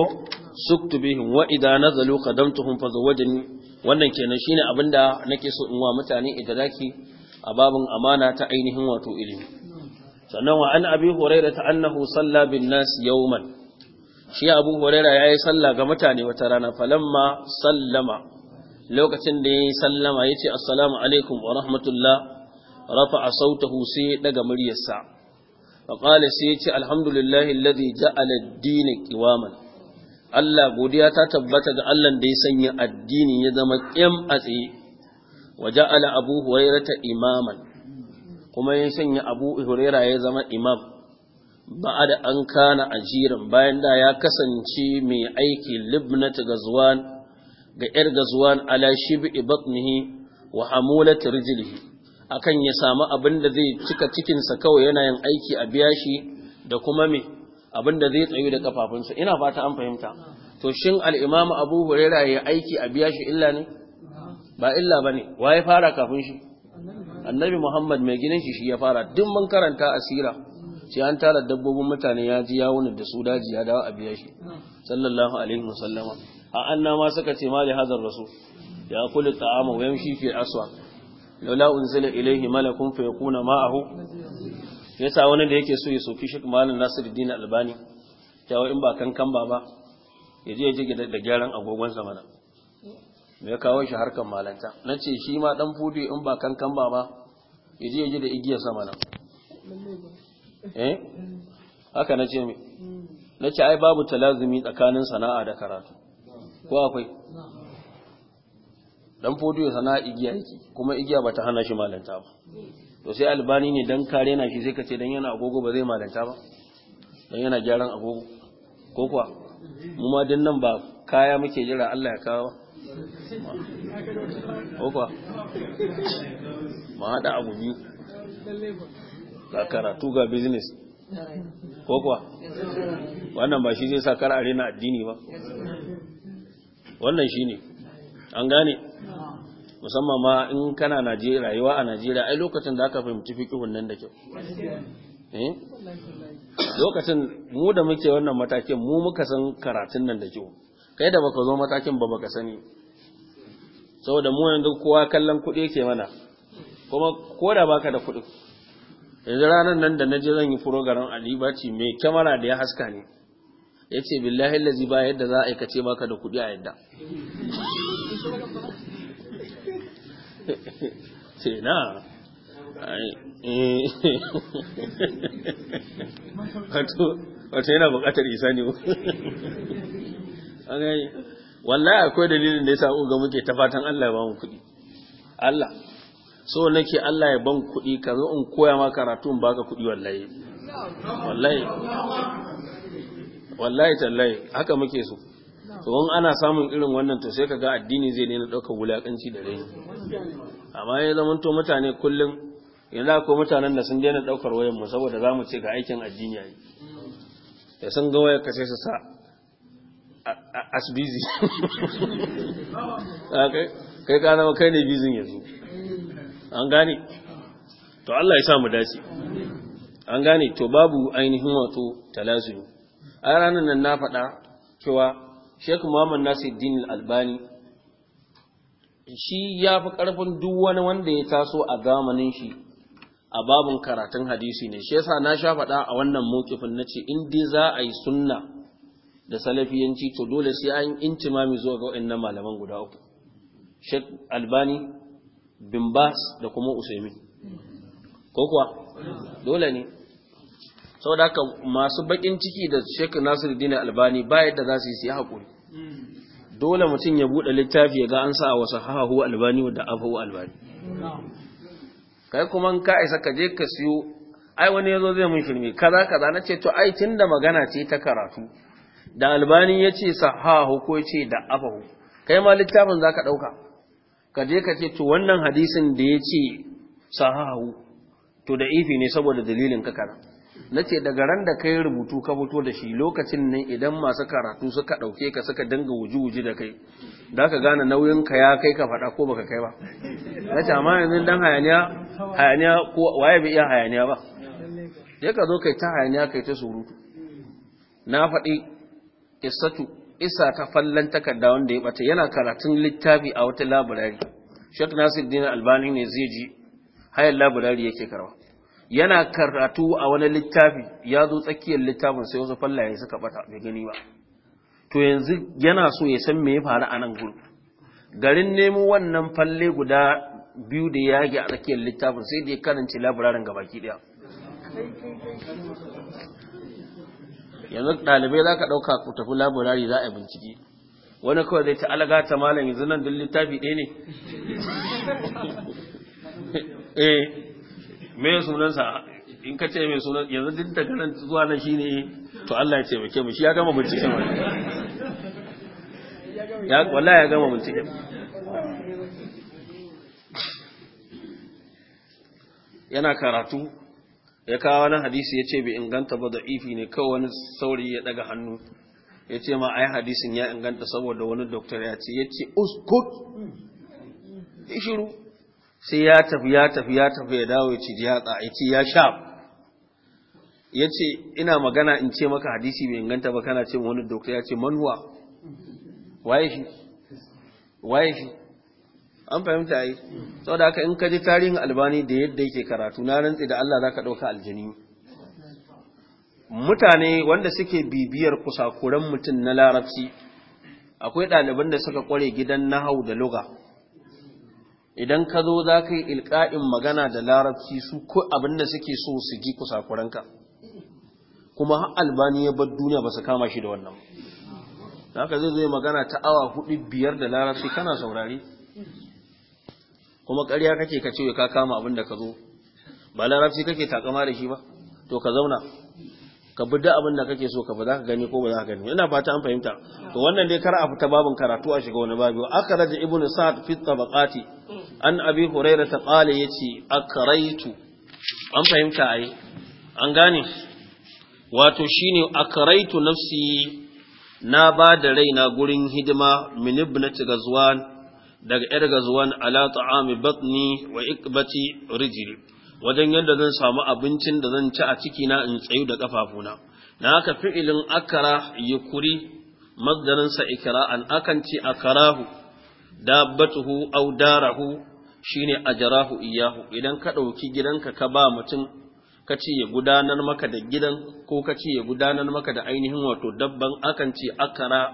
suktu bihim wa idha nazalu qadamtuhum fa zawajani wannan kenan shine abinda nake so in wa mutane idan zaki a babin amana ta ainihin wato ilimi sannan wa an abi hurayra ta annahu salla bin nas yawman shi abu huraira ya yi sallah ga mutane wata rana falamma sallama lokacin da ya yi sallama ya ce assalamu alaikum wa rahmatullah rafa a sautahu sai daga muryarsa wa ƙala sai ya ce alhamdulillahi alladhi ja'ala ad-din qiwaman Allah godiya ta tabbata ga Allah da ya sanya addini ya zama kyam a tsaye wa ja'ala abu hurairata imaman kuma ya sanya abu huraira ya zama imam an da بعد أن كان أجيرا باين دا يا كسنشي مي أيكي لبنة غزوان غير غزوان على ibatnihi wa وحمولة rijlihi akan ya samu abin da zai cika cikinsa kawai yana yin aiki a biya shi da kuma me abin da zai tsayu da kafafunsa ina fata an fahimta to shin al-imam Abu Hurairah ya aiki a biya shi illa ne ba illa bane waye fara kafin shi annabi Muhammad mai ginin shi shi ya fara duk mun karanta asira sai an tara dabbobin mutane ya ji ya da su daji ya dawo a biya shi sallallahu alaihi wasallama a anna ma suka ce ma li hazar rasu ya kula ta'ama wa yamshi fi aswa laula unzila ilayhi malakun fa yakuna ma'ahu yasa wani da yake so ya soki shi malam nasiruddin albani cewa in ba kankan ba ba ya je ji da gyaran agogon zamana me ya kawo shi harkan malanta na ce shi ma dan fudu in ba kankan ba ba ya je ji da igiyar zamana eh haka ce mai ce ai babu talazumi tsakanin sana'a da karatu ko akwai dan fodiyo sana'a igiya yake kuma igiya bata hana shi malanta ba to sai albani ne dan kare na shi sai ka ce dan yana agogo ba zai malanta ba dan yana gyaran agogo ko kuwa mu ma don nan ba kaya muke jira Allah ya kawo ko kuwa ma haɗa abu biyu ga karatu ga business ko kuwa wannan ba shi zai sa kar a rena addini ba wannan shi ne an gane musamman ma in kana najeriya rayuwa a najeriya ai lokacin da aka fahimci fiƙihun nan da kyau eh? lokacin mu da muke wannan matakin mu muka san karatun nan da kyau kai da baka zo matakin ba baka sani saboda mu yanzu kowa kallon kuɗi yake mana kuma ko da baka da kuɗi yanzu ranar nan da na je zan yi furogaran alibaci mai kyamara da ya haska ne ya ce billahi lazi ba yadda za a aikace baka da kuɗi a yadda eh. yana bukatar isa ne wallahi akwai dalilin da ya sa ga muke ta fatan Allah ya ba mu kuɗi Allah so nake Allah ya ban kuɗi ka zo in koya ma karatu in baka kuɗi wallahi wallahi wallahi tallahi haka muke so to in ana samun irin wannan to sai kaga addini zai daina ɗaukar wulakanci da rai amma ya zama to mutane kullum yanzu ko mutanen da sun daina ɗaukar wayan mu saboda za mu ce ga aikin addini da sun ga wayar ka sai su sa as busy kai ka zama kai ne bizin yanzu an gane to Allah ya sa mu dace an gane to babu ainihin wato talazumi a ranar nan na faɗa cewa Sheikh Muhammad Nasiruddin Albani shi ya fi ƙarfin duk wani wanda ya taso a zamanin shi a babun karatun hadisi ne shi yasa na sha faɗa a wannan mokifin na ce in dai za a yi sunna da salafiyanci to dole sai an intimami zuwa ga wa'annan malaman guda uku Sheikh Albani bin da kuma usaimi ko kuwa dole ne saboda haka masu bakin ciki da Sheikh dina Albani ba yadda za su yi siya haƙuri, dole mutum ya buɗe littafi ya ga an sa wa hahu Albani da afahu Albani kai kuma ka isa ka je ka siyo ai wani ya zo zai mun firme kaza kaza na ce to ai tun da magana ce ta karatu da Albani ya yace sahahu ko ce da afahu kai ma littafin za ka ɗauka? ka je ka ce to wannan hadisin da ya ce sahahu to da ifi ne saboda dalilin ka kana na ce daga ran da kai rubutu ka fito da shi lokacin nan idan masu karatu suka ɗauke ka suka dinga wuji-wuji da kai da ka gane nauyin ka ya kai ka faɗa ko baka kai ba na ce amma yanzu dan hayaniya hayaniya ko waye bai iya hayaniya ba ya ka zo kai ta hayaniya kai ta surutu na faɗi isatu isa ta fallan takarda wanda ya bata yana karatun littafi a wata labirari Sheikh Nasir Dina Albani ne zai ji hayar labirari yake karawa yana karatu a wani littafi ya zo tsakiyar littafin sai wasu fallaye suka bata bai gani ba to yanzu yana so ya san me ya faru a nan gurin garin nemo wannan falle guda biyu da yage a tsakiyar littafin sai da ya karanci labirarin gabaki daya yanzu ɗalibai za ka ɗauka ku tafi laburari za a bincike wani kawai zai ci alaga ta malam yanzu nan duk littafi ɗaya ne eh me sunansa in ka ce mai sunan yanzu duk daga nan zuwa nan shine to Allah ya taimake mu shi ya gama bincike ma ya wallahi ya gama bincike yana karatu ya kawo wani hadisi ya ce bai inganta ba ifi ne kawai wani saurayi ya daga hannu ya ce ma ai hadisin ya inganta saboda wani doktor ya ce ya ce uskut shiru. sai ya tafi ya tafi ya tafi ya dawo ya ci jiyatsa ya ce ya sha ya ce ina magana in ce maka hadisi bai inganta ba kana ce wani doktor ya ce manuwa waye shi waye shi an fahimta yi saboda haka in ka ji tarihin albani da yadda yake karatu na rantsi da Allah zaka dauka aljini mutane wanda suke bibiyar kusakuran mutum na larabci akwai ɗaliban da suka kware gidan nahau da luga idan ka zo za ka yi ilka'in magana da larabci su ko abin da suke so su ji kusakuranka kuma albani ya bar duniya ba su kama shi da wannan haka zai zai magana ta awa hudu biyar da larabci kana saurari kuma ƙarya kake ka ce ka kama abin da ka zo ba larabci kake takama da shi ba to ka zauna ka bi da abin da kake so ka ba za ka gani ko ba za ka gani ina fata an fahimta to wannan dai kar a fita babin karatu a shiga wani babi akhraj ibnu sa'd fi tabaqati an abi hurayra ta qala yace akraitu an fahimta ai an gane wato shine akraitu nafsi na ba da raina gurin hidima min ibnati gazwan daga ‘yar gazuwan ala ta'ami batni wa ikbati rijli wajen yadda zan samu abincin da zan ci a cikina in tsayu da ƙafafuna. Na haka fi'ilin akara yi kuri sa ikira'an akan ci akarahu, dabbatuhu aw darahu shine ajarahu iyahu idan ka ɗauki gidanka ka ba mutum ka ce ya gudanar maka da gidan ko ka ce ya gudanar maka da ainihin wato dabban akan ce akara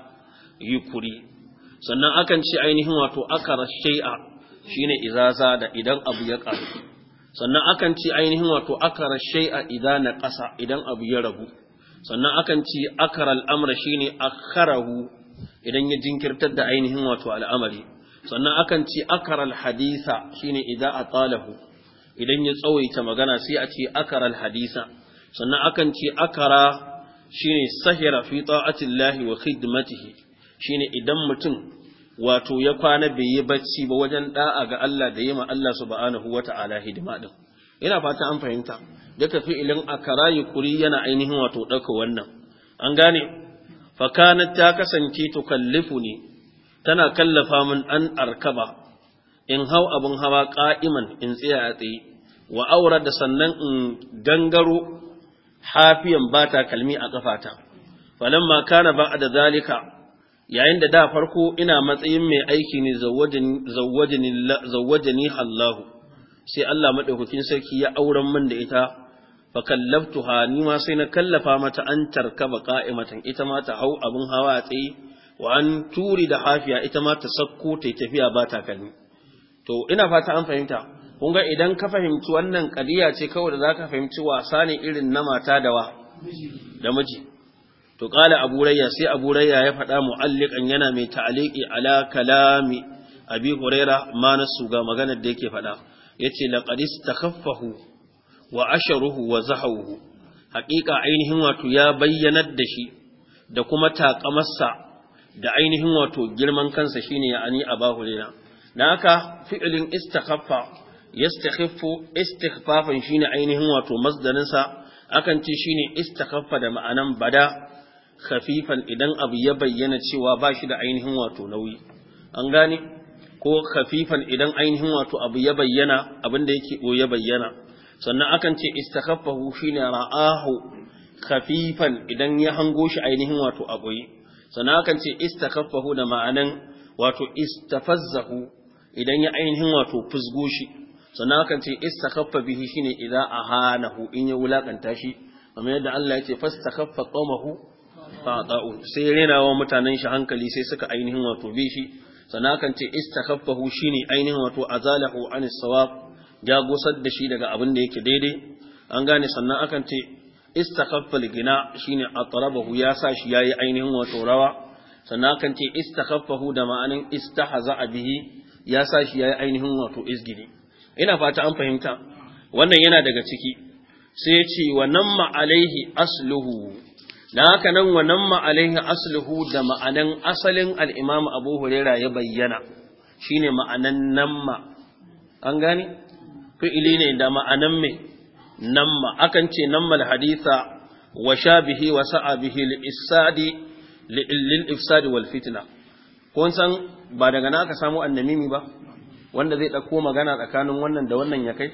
yi sannan akan ce ainihin wato akara shay'a shine izaza da idan abu ya ƙaru sannan akan ce ainihin wato akara shai'a idan na ƙasa idan abu ya ragu sannan akan ce akara al'amra shine akharahu idan ya jinkirtar da ainihin wato al'amari sannan akan ce akara al-hadisa shine idan atalahu idan ya tsawaita magana sai a ce akara al-hadisa sannan akan ce akara shine sahira fi ta'atillahi wa khidmatihi shine idan mutum wato ya kwana bai yi bacci ba wajen da'a ga Allah da yi ma Allah subhanahu wata'ala hidima din ina fata an fahimta da tafi ilin akara yana ainihin wato ɗauka wannan an gane Fakana ta kasance tukallifu ne tana kallafa mun an arkaba in hau abin hawa ƙa'iman, in tsaya a tsaye wa aura da sannan in gangaro hafiyan ba takalmi a kafata falamma kana ba zalika yayin da da farko ina matsayin mai aiki ne zawwajani Allahu sai Allah madaukakin sarki ya auren min da ita fa kallaftuha ni ma sai na kallafa mata an tarkaba qa'imatan ita ma ta hau abun hawa a tsaye wa an turi da hafiya ita ma ta sakko ta tafiya ba takalmi to ina fata an fahimta kun ga idan ka fahimci wannan kadiya ce kawai da zaka fahimci wasa ne irin na mata da wa da miji to qala abu rayya sai abu rayya ya faɗa mu'alliqan yana mai ta'liqi ala kalami abi huraira mana su ga maganar da yake faɗa yace laqad istakhaffahu wa asharuhu wa zahahu haƙiƙa ainihin wato ya bayyanar da shi da kuma takamarsa da ainihin wato girman kansa shine ya ani abahu lana dan haka fi'ilin istakhaffa yastakhiffu istikhfafan shine ainihin wato masdarinsa akan ce shine istakhaffa da ma'anan bada khafifan idan abu ya bayyana cewa ba shi da ainihin wato nauyi an gane ko khafifan idan ainihin wato abu ya bayyana abin da yake ya bayyana sannan akan ce istakhaffahu shine ra'ahu khafifan idan ya hango shi ainihin wato akwai sannan akan ce istakhaffahu da ma'anan wato istafazzahu idan ya ainihin wato fusgo shi sannan akan ce istakhaffa bihi shine idza ahanahu in ya wulakanta shi kamar yadda Allah ya ce fastakaffa qawmahu fata'u sai rena wa mutanen shi hankali sai suka ainihin wato bi shi sannan kan ce istakhaffahu shine ainihin wato azalahu anis sawab ya gusar da shi daga abin da yake daidai an gane sannan akan ce istakhaffal gina shine atrabahu ya sa shi yayi ainihin wato rawa sannan akan ce istakhaffahu da ma'anin istahza bihi ya sa shi yayi ainihin wato izgiri ina fata an fahimta wannan yana daga ciki sai ya ce wa ma alaihi asluhu da haka nan wa nan ma'alaihi aslihu da ma'anan asalin al'imam abu huraira ya bayyana shine ma'anan nan ma an gani fi'ili ne da ma'anan me nan ma akan ce nan mal haditha wa sha bihi wa sa'a bihi li'isadi lil ifsad wal fitna kun san ba daga na aka samu annamimi ba wanda zai ɗauko magana tsakanin wannan da wannan ya kai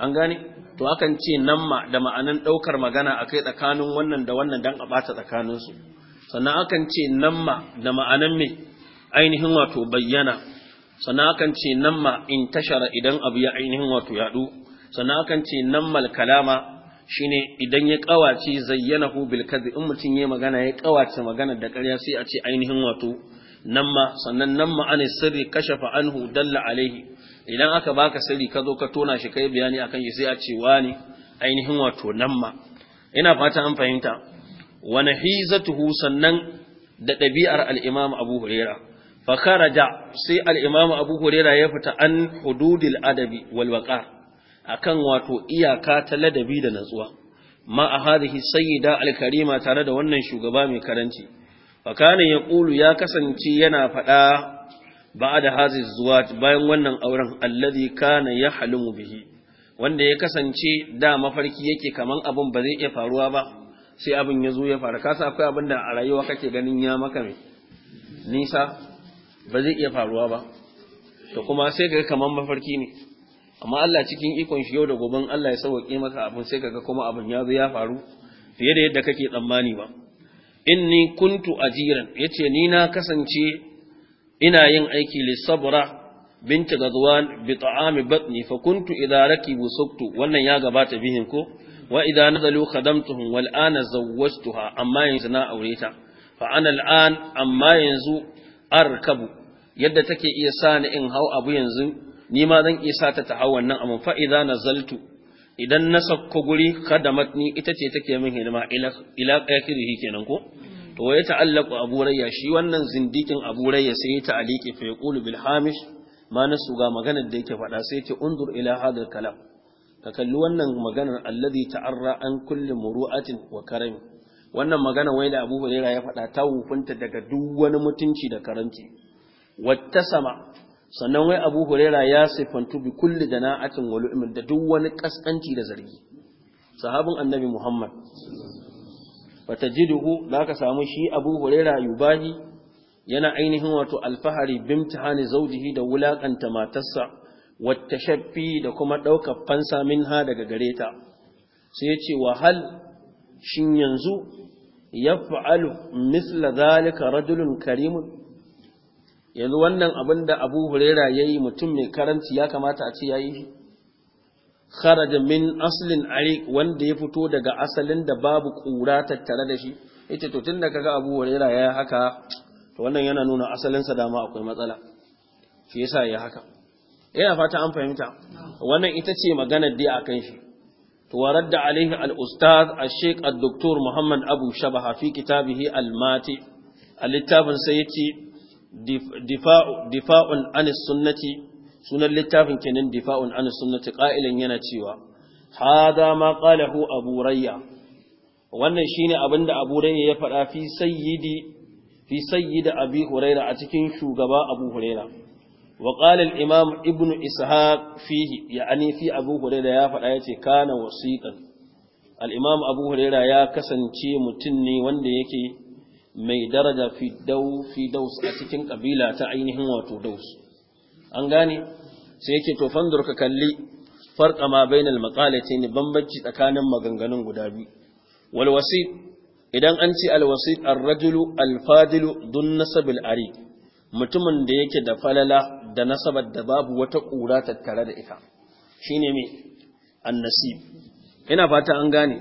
an gane to akan ce nan ma da ma'anan ɗaukar magana akai tsakanin wannan da wannan dan a ɓata tsakaninsu sannan akan ce nan ma da ma'anan mai ainihin wato bayyana sannan akan ce nan ma in tashara idan abu ya ainihin wato yaɗu sannan akan ce nan mal kalama shine idan ya kawace hu bil kadhi in mutun yayi magana ya kawace magana da ƙarya sai a ce ainihin wato nan ma sannan nan ma an sirri kashafa anhu dalla alaihi idan aka baka sirri ka zo ka tona shi kai bayani akan shi sai a ce wani ainihin wato nan ma ina fata an fahimta wa nahizatuhu sannan da ɗabi'ar al-Imam Abu Huraira fa kharaja sai al-Imam Abu Huraira ya fita an hududil adabi wal waqar akan wato iyaka ta ladabi da natsuwa ma a hadhihi sayyida al-karima tare da wannan shugaba mai karanci fa kana yaqulu ya kasance yana faɗa ba'da hazi zuwa bayan wannan auren allazi kana yahlumu bihi wanda ya kasance da mafarki yake kaman abun ba zai iya faruwa ba sai abin ya zo ya faru kasa akwai abin da a rayuwa kake ganin ya maka mai nisa ba zai iya faruwa ba to kuma sai ga kaman mafarki ne amma Allah cikin ikon shi yau da gobe, Allah ya sauke maka abin sai kaga kuma abin ya zo ya faru fiye da yadda kake tsammani ba inni kuntu ajiran yace ni na kasance ina yin aiki lissabra binti gadwan bi ta'ami batni fa kuntu idza rakibu suktu wannan ya gabata bihin ko wa idza nazalu khadamtuhum wal ana zawwajtuha amma yanzu na aure ta fa ana an amma yanzu arkabu yadda take iya sani in hau abu yanzu ni ma zan iya sata ta hau wannan amma fa idza nazaltu idan na sakko guri khadamatni ita ce take min hidima ila ila kenan ko to ya ta'allaku aburayya shi wannan zindikin aburayya sai ya ta'aliki fa yaqulu bil hamish mana nasu ga maganar da yake faɗa sai ce undur ila hadal kalam ka kalli wannan maganar alladhi ta'arra an kulli muru'atin wa karami wannan magana wai da Abu Hurairah ya faɗa ta hukunta daga duk wani mutunci da karanci sama sannan wai Abu Hurairah ya sifantu bi kulli dana'atin wa da duk wani kaskanci da zargi sahabin annabi Muhammad za zaka samu shi Abu Huraira yubahi yana ainihin wato alfahari bimtihani zaujihi da wulaƙanta matarsa wata shaffi da kuma daukar fansa ha daga gareta. ta sai ya ce wahal shin yanzu fa’alu misla zalika rajulun karimun yanzu wannan abin da Abu Huraira yayi mutum mai karanci ya kamata a ce yayi shi kharaja min aslin ari wanda ya fito daga asalin da babu kura tattare da shi yace to tunda kaga Abu Hurairah ya haka to wannan yana nuna asalin sa dama akwai matsala shi yasa ya haka ina fata an fahimta wannan ita ce maganar dai akan shi to waradda alaihi al-ustaz a sheikh al-doktor Muhammad Abu Shabaha fi kitabihi al-mati al-littafin sai yace difa'un anis sunnati sunan littafin kenan difa'un an sunnati qa'ilan yana cewa hada ma qalahu abu rayya wannan shine abinda abu rayya ya faɗa fi sayyidi fi sayyid abi huraira a cikin shugaba abu huraira wa qala al imam ibn ishaq fihi ya'ani fi abu huraira ya faɗa yace kana wasiqan al imam abu huraira ya kasance mutum ne wanda yake mai daraja fi daw fi daus a cikin kabila ta ainihin wato daus an gane sai yake to fandur ka kalli farka ma bainal ne bambanci tsakanin maganganun guda biyu wal wasit idan an ce al wasit ar rajulu al fadilu dun al ari mutumin da yake da falala da nasabar da babu wata kura tattare da ita shine me an nasib ina fata an gane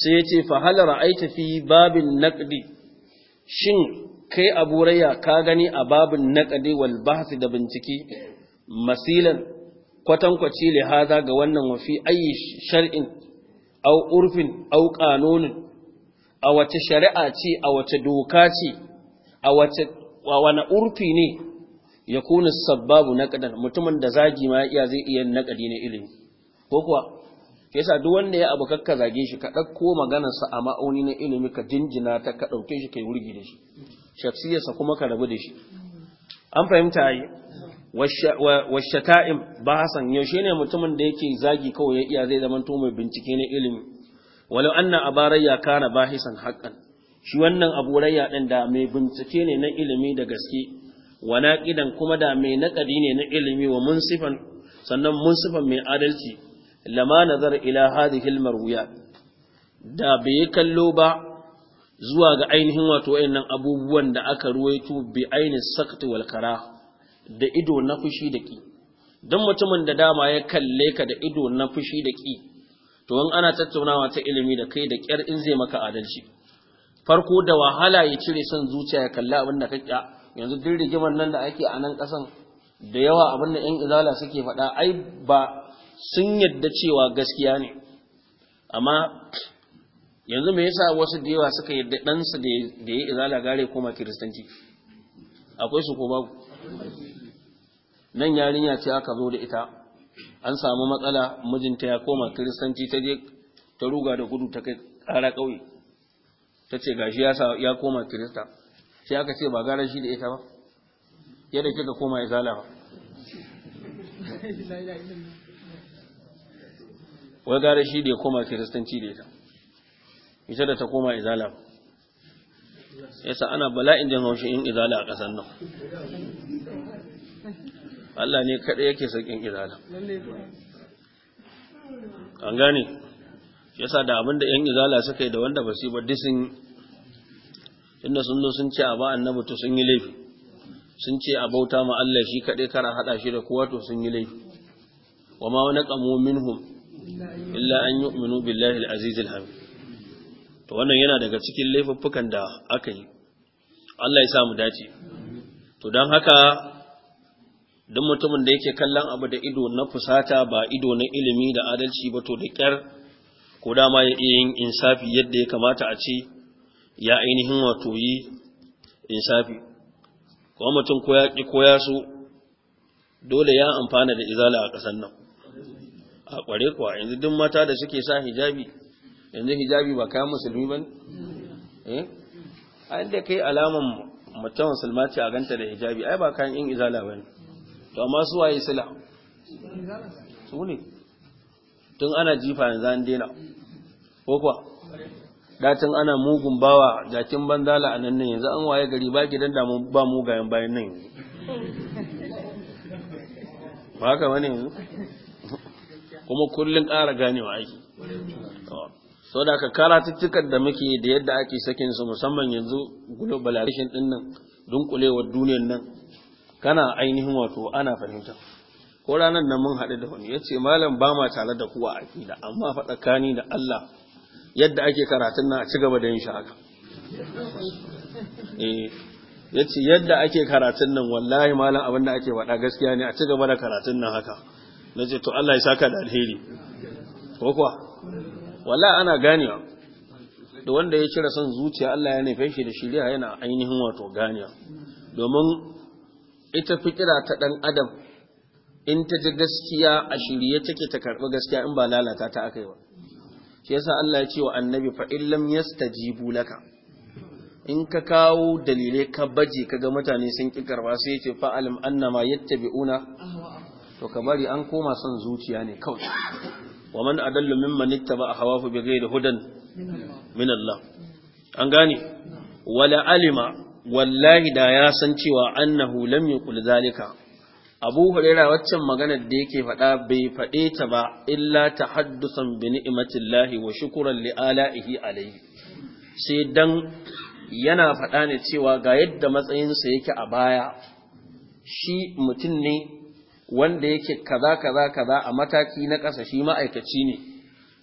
sai yace fa hal ra'aita fi babin naqdi shin kai abu ka gani a babin naƙadi wal bahsi da binciki, masilan kwatankwaci lihaza haza ga wannan wafi ayi shar'in au urfin au kanunin a wace shari'a ce a wace doka ce a wace wane urfi ne ya kuna sababu naƙadar mutumin da zagi ma iya zai iya naƙadi na ilimi ko kuwa yasa duk wanda ya abu kakka zage shi ka ɗauko maganarsa a ma'auni na ilimi ka jinjina ta ka ɗauke shi kai wurgi da shi shaksiyarsa kuma ka rabu da shi an fahimta yi washata'im ba hasan yaushe ne mutumin da yake zagi kawai ya iya zai zama to mai bincike na ilimi walau anna abarayya kana bahisan haƙan shi wannan aburayya din da mai bincike ne na ilimi da gaske wa naqidan kuma da mai naƙari ne na ilimi wa munsifan sannan munsifan mai adalci lama nazar ila hadhihi almarwiya da bai kallo ba zuwa ga ainihin wato wayannan abubuwan da aka ruwaito bi aini sakti wal kara da ido na fushi da ki dan mutumin da dama ya kalle ka da ido na fushi da ki to in ana tattaunawa ta ilimi da kai da kyar in zai maka adalci farko da wahala ya cire son zuciya ya kalla abin da kake yanzu duk rigimar nan da ake a nan kasan da yawa abin da yan izala suke faɗa ai ba sun yadda cewa gaskiya ne amma yanzu me yasa wasu da yawa suka da ɗansu da ya izala gare koma kiristanci akwai su ko babu nan yarinya ce aka zo da ita an samu matsala mijinta ya koma kiristanci ta je ta ruga da gudu ta kai ƙara ƙauye ta ce gashi ya koma kirista sai aka ce ba gara shi da ita ba yadda kika koma izala ba wai gara shi da ya koma kiristanci da ita ita da ta koma izala yasa ana bala'in jin haushi in izala a ƙasar nan Allah ne kaɗai yake sauƙin izala an gane yasa da abin da 'yan izala suka yi da wanda ba su ba disin inda sun zo sun ce a ba annabi to sun yi laifi sun ce a bauta ma Allah shi kaɗai kara haɗa shi da kowa to sun yi laifi wa ma wani ƙamo minhum illa an yi uminu billahi al-aziz al-hamid to wannan yana daga cikin laifuffukan da aka yi Allah ya sa mu dace to don haka duk mutumin da yake kallon abu da ido na fusata ba ido na ilimi da adalci ba to da kyar ko dama ya iya yin insafi yadda ya kamata a ce ya ainihin wato yi insafi kuma mutum ko ya ko ya dole ya amfana da izala a ƙasar nan a ƙware kuwa yanzu duk mata da suke sa hijabi yanzu hijabi ba kayan musulmi ba ne eh? a an kai alamun mutum musulma ce a ganta da hijabi ai ba kayan in izala ba ne to amma su waye sila su ne tun ana jifa yanzu an daina ko kuwa datin ana mugun bawa jakin banzala a nan yanzu an waye gari ba gidan da ba mugayen bayan nan yanzu ba haka wani ne? kuma kullum ƙara ganewa aiki so da ka karatuttukan da muke da yadda ake sakin su musamman yanzu globalization din nan dunkulewar duniyar nan kana ainihin wato ana fahimta ko ranar nan mun haɗu da wani ya ce malam ba ma tare da kuwa aƙida amma fa tsakani da Allah yadda ake karatun nan a ci gaba da yin shi haka eh, ya yadda ake karatun nan wallahi malam abin da ake faɗa gaskiya ne a ci gaba da karatun nan haka na to Allah ya saka da alheri ko kuwa wala ana ganewa da wanda ya cire son zuciya Allah ya nufe shi da shirya yana ainihin wato ganewa domin ita fikira ta dan adam in ta ji gaskiya a shirye take ta karɓi gaskiya in ba lalata ta aka yi ba shi yasa Allah ya ce wa annabi fa in lam yastajibu laka in ka kawo dalilai ka baje ka ga mutane sun ki karba sai ya ce fa alim annama yattabi'una to bari an koma son zuciya ne kawai wa man a mimman ittaba hawahu bighairi hudan min Allah an gane wala alima wallahi da ya san cewa annahu lam yuqul zalika abu huraira waccan maganar da yake faɗa bai faɗe ta ba illa ta haddusan bi wa shukuran li ala'ihi alayhi sai dan yana faɗa ne cewa ga yadda matsayinsa yake a baya shi mutum ne wanda yake kaza kaza kaza a mataki na ƙasa shi ma'aikaci ne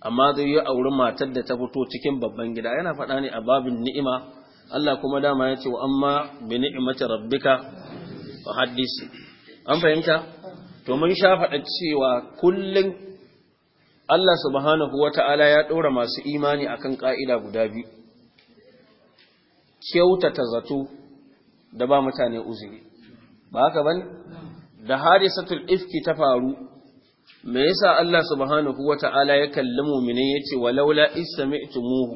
amma zai yi auri matar da ta fito cikin babban gida yana faɗa ne a babin ni'ima Allah kuma dama ya ce wa amma bi ni'imati rabbika fa haddis an fahimta to mun sha faɗa cewa kullun Allah subhanahu wata'ala ya ɗora masu imani akan ƙa'ida guda biyu kyautata zato da ba mutane uzuri ba haka bane da hadisatul ifki ta faru me yasa Allah subhanahu wata'ala ya kalli mu'mini yace walaula istami'tumuhu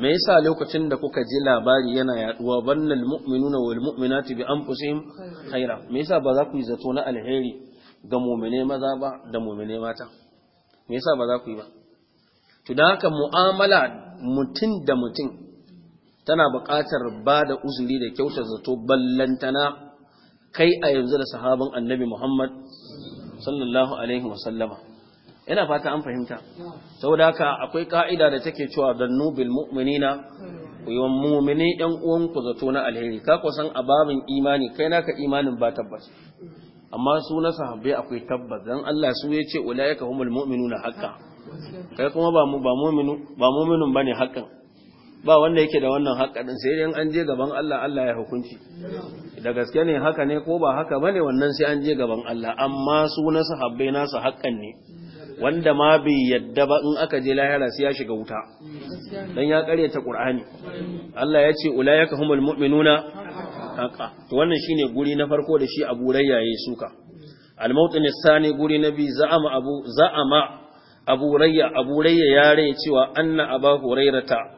me yasa lokacin da kuka ji labari yana yaduwa bannal mu'minuna wal mu'minati bi anfusihim khaira me yasa ba za ku yi zato na alheri ga mu'mine maza ba da mu'mine mata me yasa ba za ku yi ba to dan haka mu'amala mutum da mutum tana buƙatar ba da uzuri da kyautar zato ballantana kai a yanzu da sahabin annabi Muhammad sallallahu alaihi wasallama ina fata an fahimta saboda haka akwai ka'ida da take cewa dannu bil mu'minina wa mu'mini ɗan uwan ku zato na alheri ka san ababin imani kai naka imanin ba tabbas amma su na sahabbai akwai tabbas dan Allah su ya yace ulaika humul mu'minuna haqqan kai kuma ba mu ba mu'minu ba mu'minun bane haqqan ba wanda yake da wannan ɗin sai dai an je gaban Allah Allah ya hukunci da gaske ne haka ne ko ba haka bane wannan sai an je gaban Allah amma su na sahabbai nasu haƙƙan ne wanda ma bai yadda ba in aka je lahira sai ya shiga wuta dan ya ta Qur'ani Allah ya ce ulaika humul mu'minuna haqa wannan shine guri na farko da shi Abu Rayya yayi suka al-mawtin as-sani guri na za'ama Abu za'ama Abu Rayya Abu Rayya ya rai cewa anna Abu Hurairata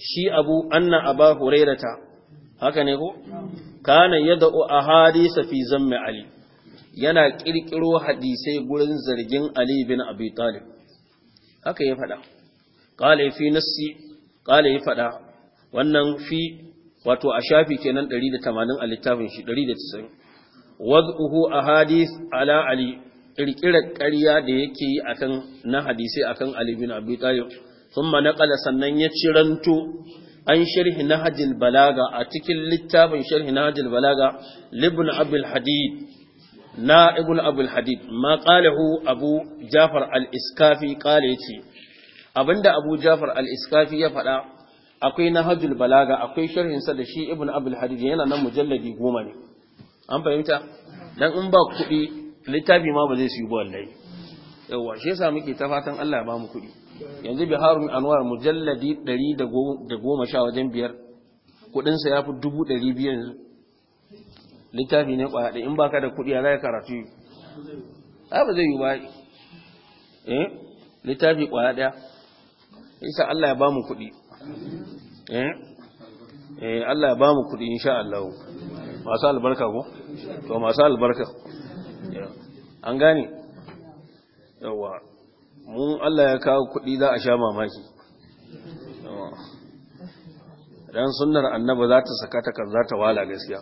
shi abu anna aba hurairata haka ne ko kana yad'u ahadisa fi zamm ali yana kirkiro hadisai gurin zargin ali bin abi talib haka ya fada qala fi nassi qala ya fada wannan fi wato a shafi kenan 180 a littafin shi 190 wad'uhu ahadith ala ali kirkirar ƙarya da yake yi akan na hadisi akan ali bin abi talib ثم نقل سنن يتشرنتو عن شرح نهج البلاغة أتكل للتاب شرح نهج البلاغة لابن أبي الحديد نا ابن أبي الحديد ما قاله أبو جعفر الإسكافي قال يتي أبند أبو جعفر الإسكافي يفعل أقوي نهج البلاغة أقوي شرح سدشي ابن أبي الحديد ينا مجلد قومني أم فهمت لأن أم باك littafi ma ba zai su yi ba wallahi yawa shi yasa muke ta fatan Allah ya ba mu kuɗi yanzu harun anwar mujalladi ɗari da goma sha wajen biyar kuɗinsa ya fi dubu ɗari biyu yanzu littafi ne da in baka da kuɗi a ka karatu a ba zai yi ba eh littafi kwaya ɗaya isa Allah ya ba mu kuɗi eh eh Allah ya ba mu kuɗi insha Allah masu albarka ko to masu albarka an gane yawa mun Allah ya kawo kuɗi za a sha mamaki dan sunnar annaba za ta saka ta za ta wala gaskiya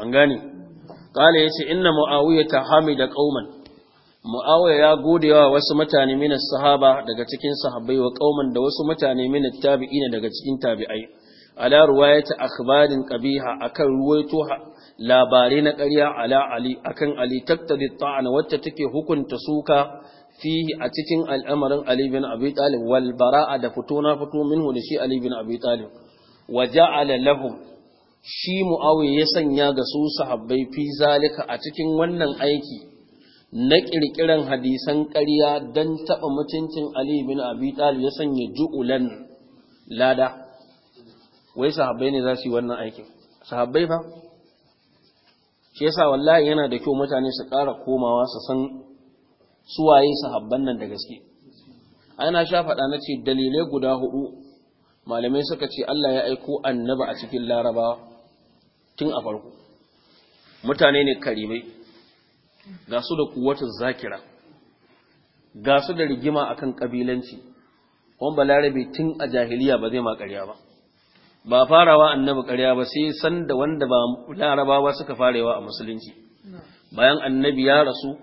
an gane ya yace inna muawiya ta hamida ƙauman. muawiya ya gode wa wasu mutane minas sahaba daga cikin sahabbai wa qauman da wasu mutane minas tabi'ina daga cikin tabi'ai ala ruwayati akhbarin qabiha akan ruwaito labarai na ƙarya ala ali akan ali taktadi ta'ana wacce take hukunta suka fihi a cikin al'amarin ali bin abi talib wal bara'a da fito na fito minhu da shi ali bin abi talib wa ja'ala lahum shi muawiya ya sanya ga su sahabbai fi zalika a cikin wannan aiki na ƙirƙiran hadisan ƙarya dan taɓa mutuncin Ali bin Abi Talib ya sanya ju'ulan lada wai sahabbai ne za su yi wannan aikin sahabbai fa? shi yasa wallahi yana da kyau mutane su ƙara komawa su san suwaye sahabban nan da gaske ana sha faɗa na ce dalilai guda hudu malamai suka ce Allah ya aiko annaba a cikin laraba tun a farko mutane ne karimai ga su da kuwatar zakira ga su da rigima akan kabilanci wani balarabe tun a jahiliya ba zai ma ƙarya ba ba farawa annabi ƙarya ba sai san da wanda ba larabawa suka farewa a musulunci bayan annabi ya rasu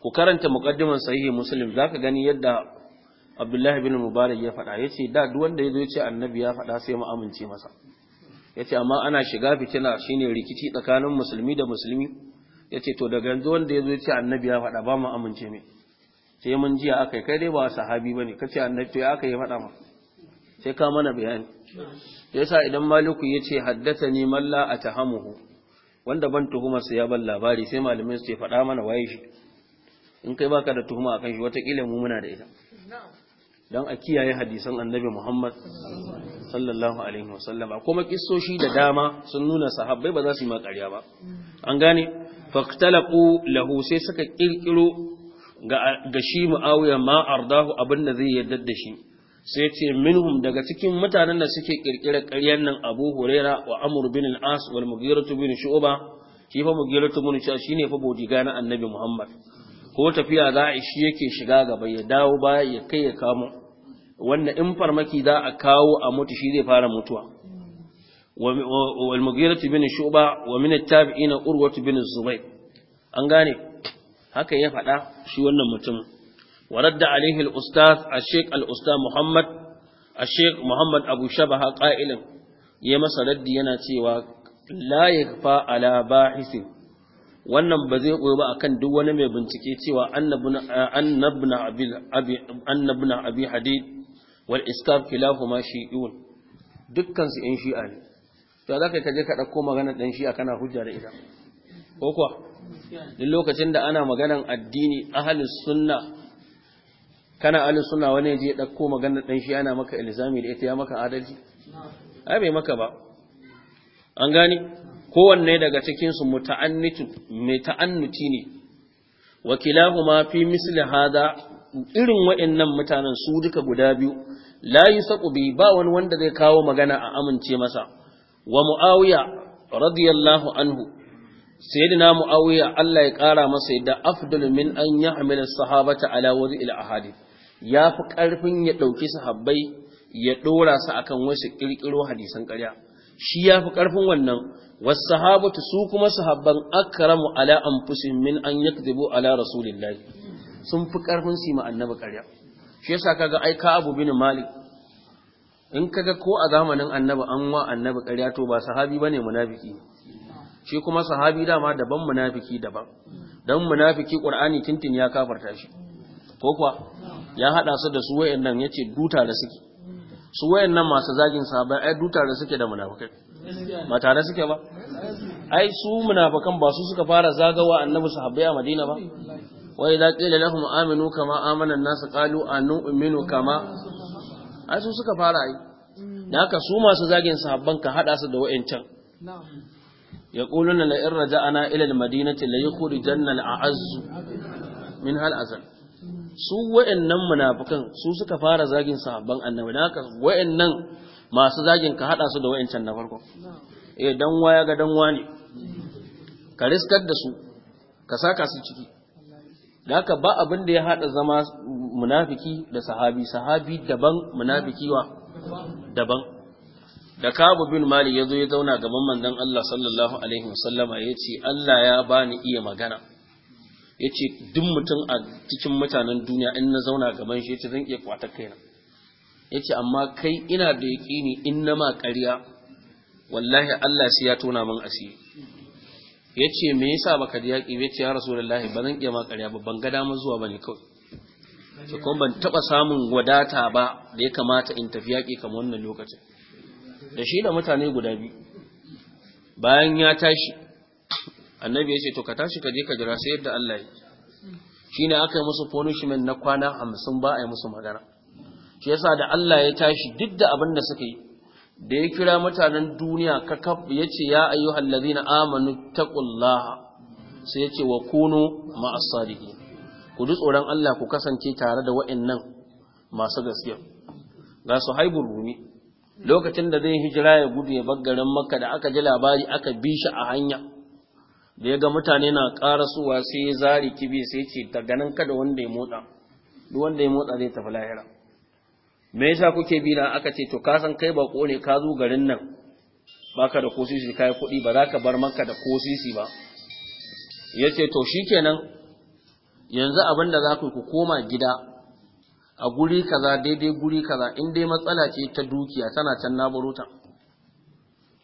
ku karanta muqaddiman sahihi muslim zaka gani yadda abdullahi bin mubarak ya faɗa yace da duk wanda yazo yace annabi ya faɗa sai mu amince masa yace amma ana shiga fitina shine rikici tsakanin musulmi da musulmi yace to daga yanzu wanda yazo yace annabi ya faɗa ba mu amince mai sai mun jiya akai kai dai ba sahabi bane kace annabi to ya akai ya faɗa ma. sai ka mana bayani yasa idan maliku ya ce haddata ne malla a hamuhu? wanda ban tuhumar sai ya ban labari sai malamai su ce faɗa mana waye shi in kai baka da tuhuma akan shi watakila mu muna da ita don a kiyaye hadisan annabi muhammad sallallahu alaihi wasallama kuma kissoshi da dama sun nuna sahabbai ba za su yi makariya ba an gane faktalaku lahu sai suka kirkiro ga shi mu'awiya ma ardahu abin da zai yarda da shi sai ce minhum daga cikin mutanen da suke kirkirar ƙaryar nan Abu Huraira wa Amr bin al-As wal Mughirah bin Shu'ba shi fa Mughirah bin shine fa bodiga na Annabi Muhammad ko tafiya za a shi yake shiga gaba ya dawo baya ya kai ya kamo wanda in farmaki za a kawo a mutu shi zai fara mutuwa wal Mughirah bin Shu'ba wa min at-tabi'ina Urwa bin Zubayr an gane haka ya faɗa shi wannan mutumin ورد عليه الأستاذ الشيخ الأستاذ محمد الشيخ محمد أبو شبه قائلا يمس ردي يناتي لا يخفى على باحث wannan ba zai koyi ba akan duk wani mai bincike cewa annabna abi annabna abi hadid wal iskaf kilahuma shi'un dukkan Dukkansu in shi'a ne to za ka je ka maganar ɗan shi'a kana hujja da ita ko kuwa duk lokacin da ana maganar addini ahlus sunna kana alin suna wani je ɗauko maganar ɗan shi ana maka ilzami da ita ya maka adalci ai bai maka ba an gani kowanne daga cikinsu muta'annitu mai ta'annuti ne wakilahu ma fi misli hada irin waɗannan mutanen su duka guda biyu la yusaqu bi ba wani wanda zai kawo magana a amince masa wa muawiya radiyallahu anhu sayyidina muawiya Allah ya ƙara masa yadda afdalu min an hamilar sahabata ala wadi al ahadith ya fi ƙarfin ya ɗauki sahabbai ya ɗora su akan wasu ƙirƙiro hadisan ƙarya shi ya fi ƙarfin wannan wasu sahabatu su kuma sahabban akramu ala anfusihim min an zubo ala rasulillahi sun fi ƙarfin su ma annabi ƙarya shi yasa kaga ga aika abu bin malik in kaga ko a zamanin annabi an wa annabi ƙarya to ba sahabi bane munafiki shi kuma sahabi dama daban munafiki daban don munafiki ƙur'ani tintin ya kafarta shi ko kuwa ya haɗa su da su wayannan yace duta da suke su wayannan masu zagin sahabbai ai duta da suke da munafikai ba tare suke ba ai su munafikan ba su suka fara zagawa annabi sahabbai a Madina ba wa idza qila lahum aminu kama amana an-nas qalu anu'minu kama ai su suka fara ai dan haka su masu zagin sahabban ka hada su da wayancan yaquluna la in raja'ana ila al-madinati la yukhrijanna al-a'azz min hal azal su wa'annan munafikan su suka fara zagin sahabban annabi dan haka wa'annan masu zagin ka hada su da wa'ancan na farko eh dan waya ga dan wani ka riskar da su ka saka su ciki dan haka ba abin da ya hada zama munafiki da sahabi sahabi daban munafiki wa daban da kabu bin mali ya zo ya zauna gaban manzon Allah sallallahu alaihi wasallama ya ce Allah ya bani iya magana ya ce duk mutum a cikin mutanen duniya in na zauna gaban shi ya ce zan iya kwata kaina ya ce amma kai ina da yaƙini in na ma ƙarya wallahi Allah sai ya tona min asiri ya ce me yasa baka da yaƙi ya ce ya rasulullahi ba zan iya ma ƙarya ba ban ga damar zuwa ne kawai ban taɓa samun wadata ba da ya kamata in tafi yaƙi kamar wannan lokacin da shi da mutane guda biyu bayan ya tashi annabi ya ce to ka tashi ka je ka jira sai yadda Allah ya Shi ne aka yi musu punishment na kwana hamsin ba a yi musu magana shi yasa da Allah ya tashi duk da abin da suka yi da ya kira mutanen duniya ka kaf ya ce ya ayyuhal ladina amanu taqullaha sai ya ce wa kunu ma'as sadiqin ku ji tsoron Allah ku kasance tare da wa'annan masu gaskiya ga su haibur rumi lokacin da zai hijira ya gudu ya bar garin makka da aka ji labari aka bi shi a hanya da ya ga mutane na ƙara suwa sai ya zari kibi sai ce ta ganin kada wanda ya motsa duk wanda ya motsa zai tafi lahira me yasa kuke bi na aka ce to ka san kai ba ne ka zo garin nan baka da kosisi kai kuɗi ba za ka bar maka da kosisi ba yace to shikenan yanzu abin da za ku ku koma gida a guri kaza daidai guri kaza in dai matsala ce ta dukiya tana can na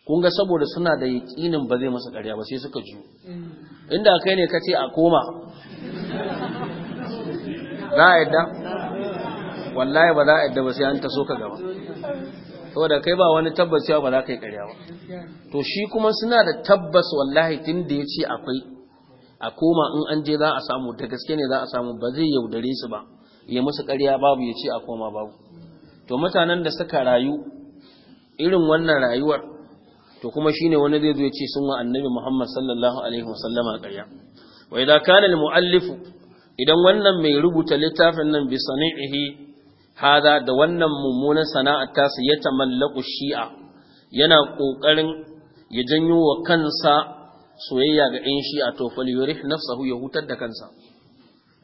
kun ga saboda suna da yaƙinin ba zai masa ƙarya ba sai suka ju mm. inda kai ne kace a koma za a yadda wallahi ba za a yadda ba sai an taso ka gaba saboda kai ba wani tabbas ba za ka yi ƙarya ba to shi kuma suna da tabbas wallahi tun da ya ce akwai a koma in an je za a samu da gaske ne za a samu ba zai yaudare su ba ya musu ƙarya babu ya ce a koma babu to mutanen da suka rayu irin wannan rayuwar to kuma shine wani zai zo ya ce sun annabi Muhammad sallallahu alaihi wasallama ƙarya wa idza kana al muallif idan wannan mai rubuta littafin nan bi sani'ihi hada da wannan mummunan ta su ya tamallaku shi'a yana kokarin ya janyo wa kansa soyayya ga ɗan shi'a to fal yurih nafsahu ya hutar da kansa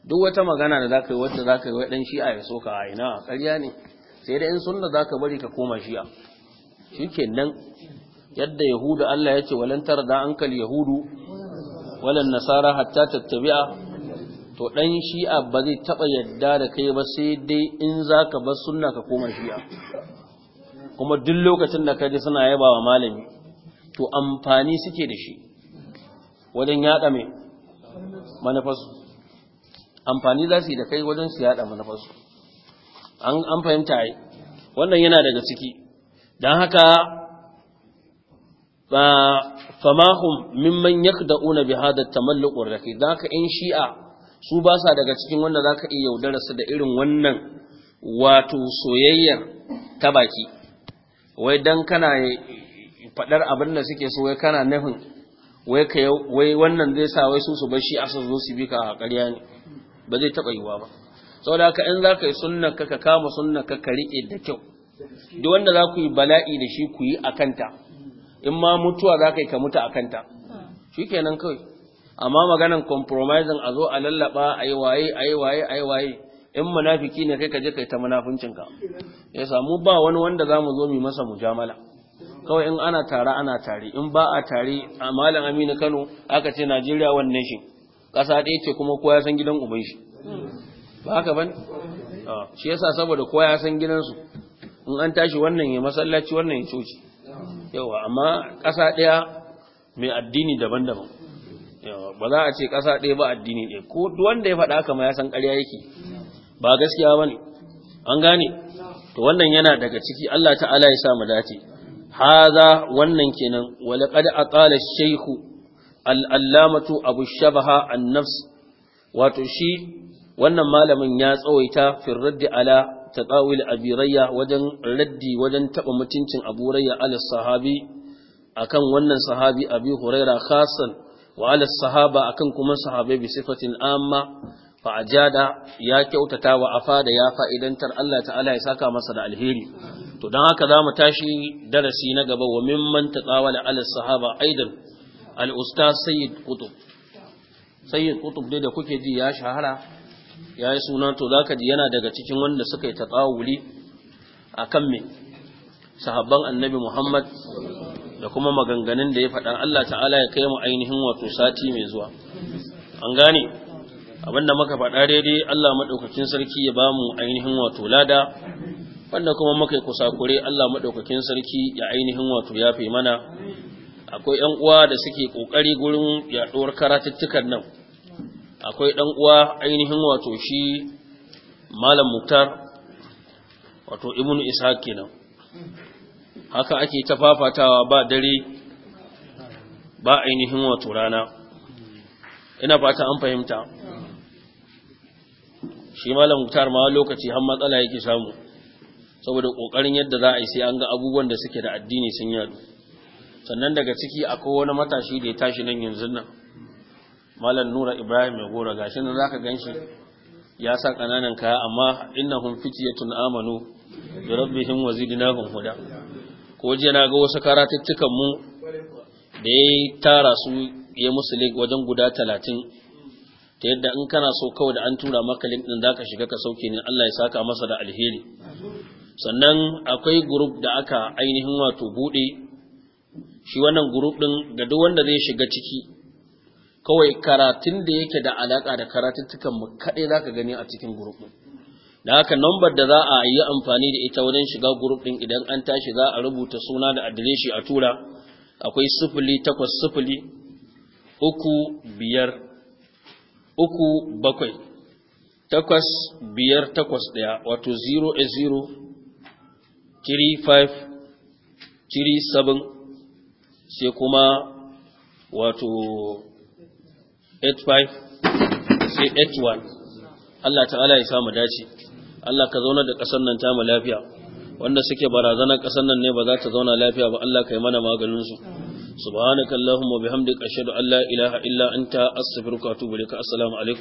duk wata magana da zaka yi wacce zaka yi wa ɗan shi'a ya soka a ina ƙarya ne sai da in sunna zaka bari ka koma shi'a shikenan yadda yahudu Allah ya ce da tarda ankal yahudu walan nasara hatta tattabi'a to dan shi'a ba zai taba yadda da kai ba sai dai in zaka bar sunna ka koma shi'a kuma duk lokacin da kaje suna yaba wa malami to amfani suke da shi wajen yada mai manufarsu amfani za su yi da kai wajen su yada manufarsu an fahimta ai wannan yana daga ciki don haka famahum mimman yakhda'una bi hadha da tamalluq ar-raqiq zaka in shi'a su ba sa daga cikin wanda zaka iya yaudara su da irin wannan wato soyayyar ta baki wai dan kana fadar abin da suke so wai kana nufin wai wannan zai sa wai su su bar shi su zo su bi ka a ƙarya ne ba zai taba yiwa ba saboda haka in zaka yi sunnar ka kama sunnar ka ka da kyau duk wanda za ku yi bala'i da shi ku yi kanta? in ma mutuwa za ka yi ka mutu a kanta shi kenan kawai amma maganan compromising a zo a lallaba a yi waye a yi waye a yi waye in munafiki ne kai ka je ka yi ta munafuncinka. ya samu ba wani wanda za mu zo mu masa mujamala kawai in ana tare ana tare in ba a tare a malam aminu kano aka ce najeriya wannan shi ƙasa ɗaya ce kuma kowa ya san gidan uban shi ba haka ban shi yasa saboda kowa ya san gidansu in an tashi wannan ya masallaci wannan ya coci yawa amma ƙasa ɗaya mai addini daban-daban ba za a ce ƙasa ɗaya ba addini ɗaya ko wanda ya faɗa kama ya san ƙarya yake ba gaskiya ba ne an gane to wannan yana daga ciki Allah ta'ala ya sa mu dace haza wannan kenan wala qad aqala ash al-allamatu abu shabaha an-nafs wato shi wannan malamin ya tsawaita fi raddi ala taqawil abirayya wajen raddi wajen taɓa mutuncin aburayya ala sahabi akan wannan sahabi abi huraira khasan wa ala sahaba akan kuma sahabai bi sifatin amma fa ajada ya kyautata wa afada ya fa'idantar Allah ta'ala ya saka masa da alheri to dan haka zamu tashi darasi na gaba wa mimman taqawala ala sahaba aidan al ustaz sayyid Kutub sayyid da kuke ji ya shahara ya yi suna to za ka ji yana daga cikin wanda suka yi tatsawuli a kan me sahabban annabi muhammad da kuma maganganun da ya faɗa allah ta'ala ya kai mu ainihin wato sati mai zuwa an gane abinda muka faɗa daidai allah maɗaukakin sarki ya ba mu ainihin wato lada wanda kuma muka yi kusakure allah maɗaukakin sarki ya ainihin wato yafe mana akwai 'yan uwa da suke ƙoƙari gurin yaɗuwar karatuttukan nan akwai ɗan uwa ainihin wato shi malam muktar wato imun isa kenan haka ake ta fafatawa ba dare ba ainihin wato rana ina fata an fahimta shi malam muktar ma lokaci har matsala yake samu saboda kokarin yadda za a yi sai an ga abubuwan da suke da addini sun yadu sannan daga ciki akwai wani matashi da ya tashi nan yanzu nan malam nura ibrahim mai gora gashi nan zaka ganshi ya sa kananan kaya amma innahum fitiyatun amanu bi rabbihim wa zidnahum huda ko je na ga wasu karatuttukan mu da ya tara su ya musu link wajen guda 30 ta yadda in kana so kawai da an tura maka link din zaka shiga ka sauke ne Allah ya saka masa da alheri sannan akwai group da aka ainihin wato bude shi wannan group din ga duk wanda zai shiga ciki kawai karatun da yake da alaƙa da karatuttukan mu kaɗai za ka gani a cikin group da haka nambar da za a yi amfani da ita wajen shiga group ɗin idan an tashi za a rubuta suna da adireshi a tura akwai sifili takwas sifili uku biyar uku bakwai takwas biyar takwas ɗaya wato 0 35 37 sai kuma wato 85 sai 81 Allah ta'ala ya samu dace Allah ka zauna da ƙasar nan tamu lafiya wanda suke barazanar ƙasar nan ne ba za ta zauna lafiya ba Allah ka yi mana maganin su subhanakallahumma bihamdika ashhadu an la ilaha illa anta astaghfiruka wa atubu ilaik assalamu alaikum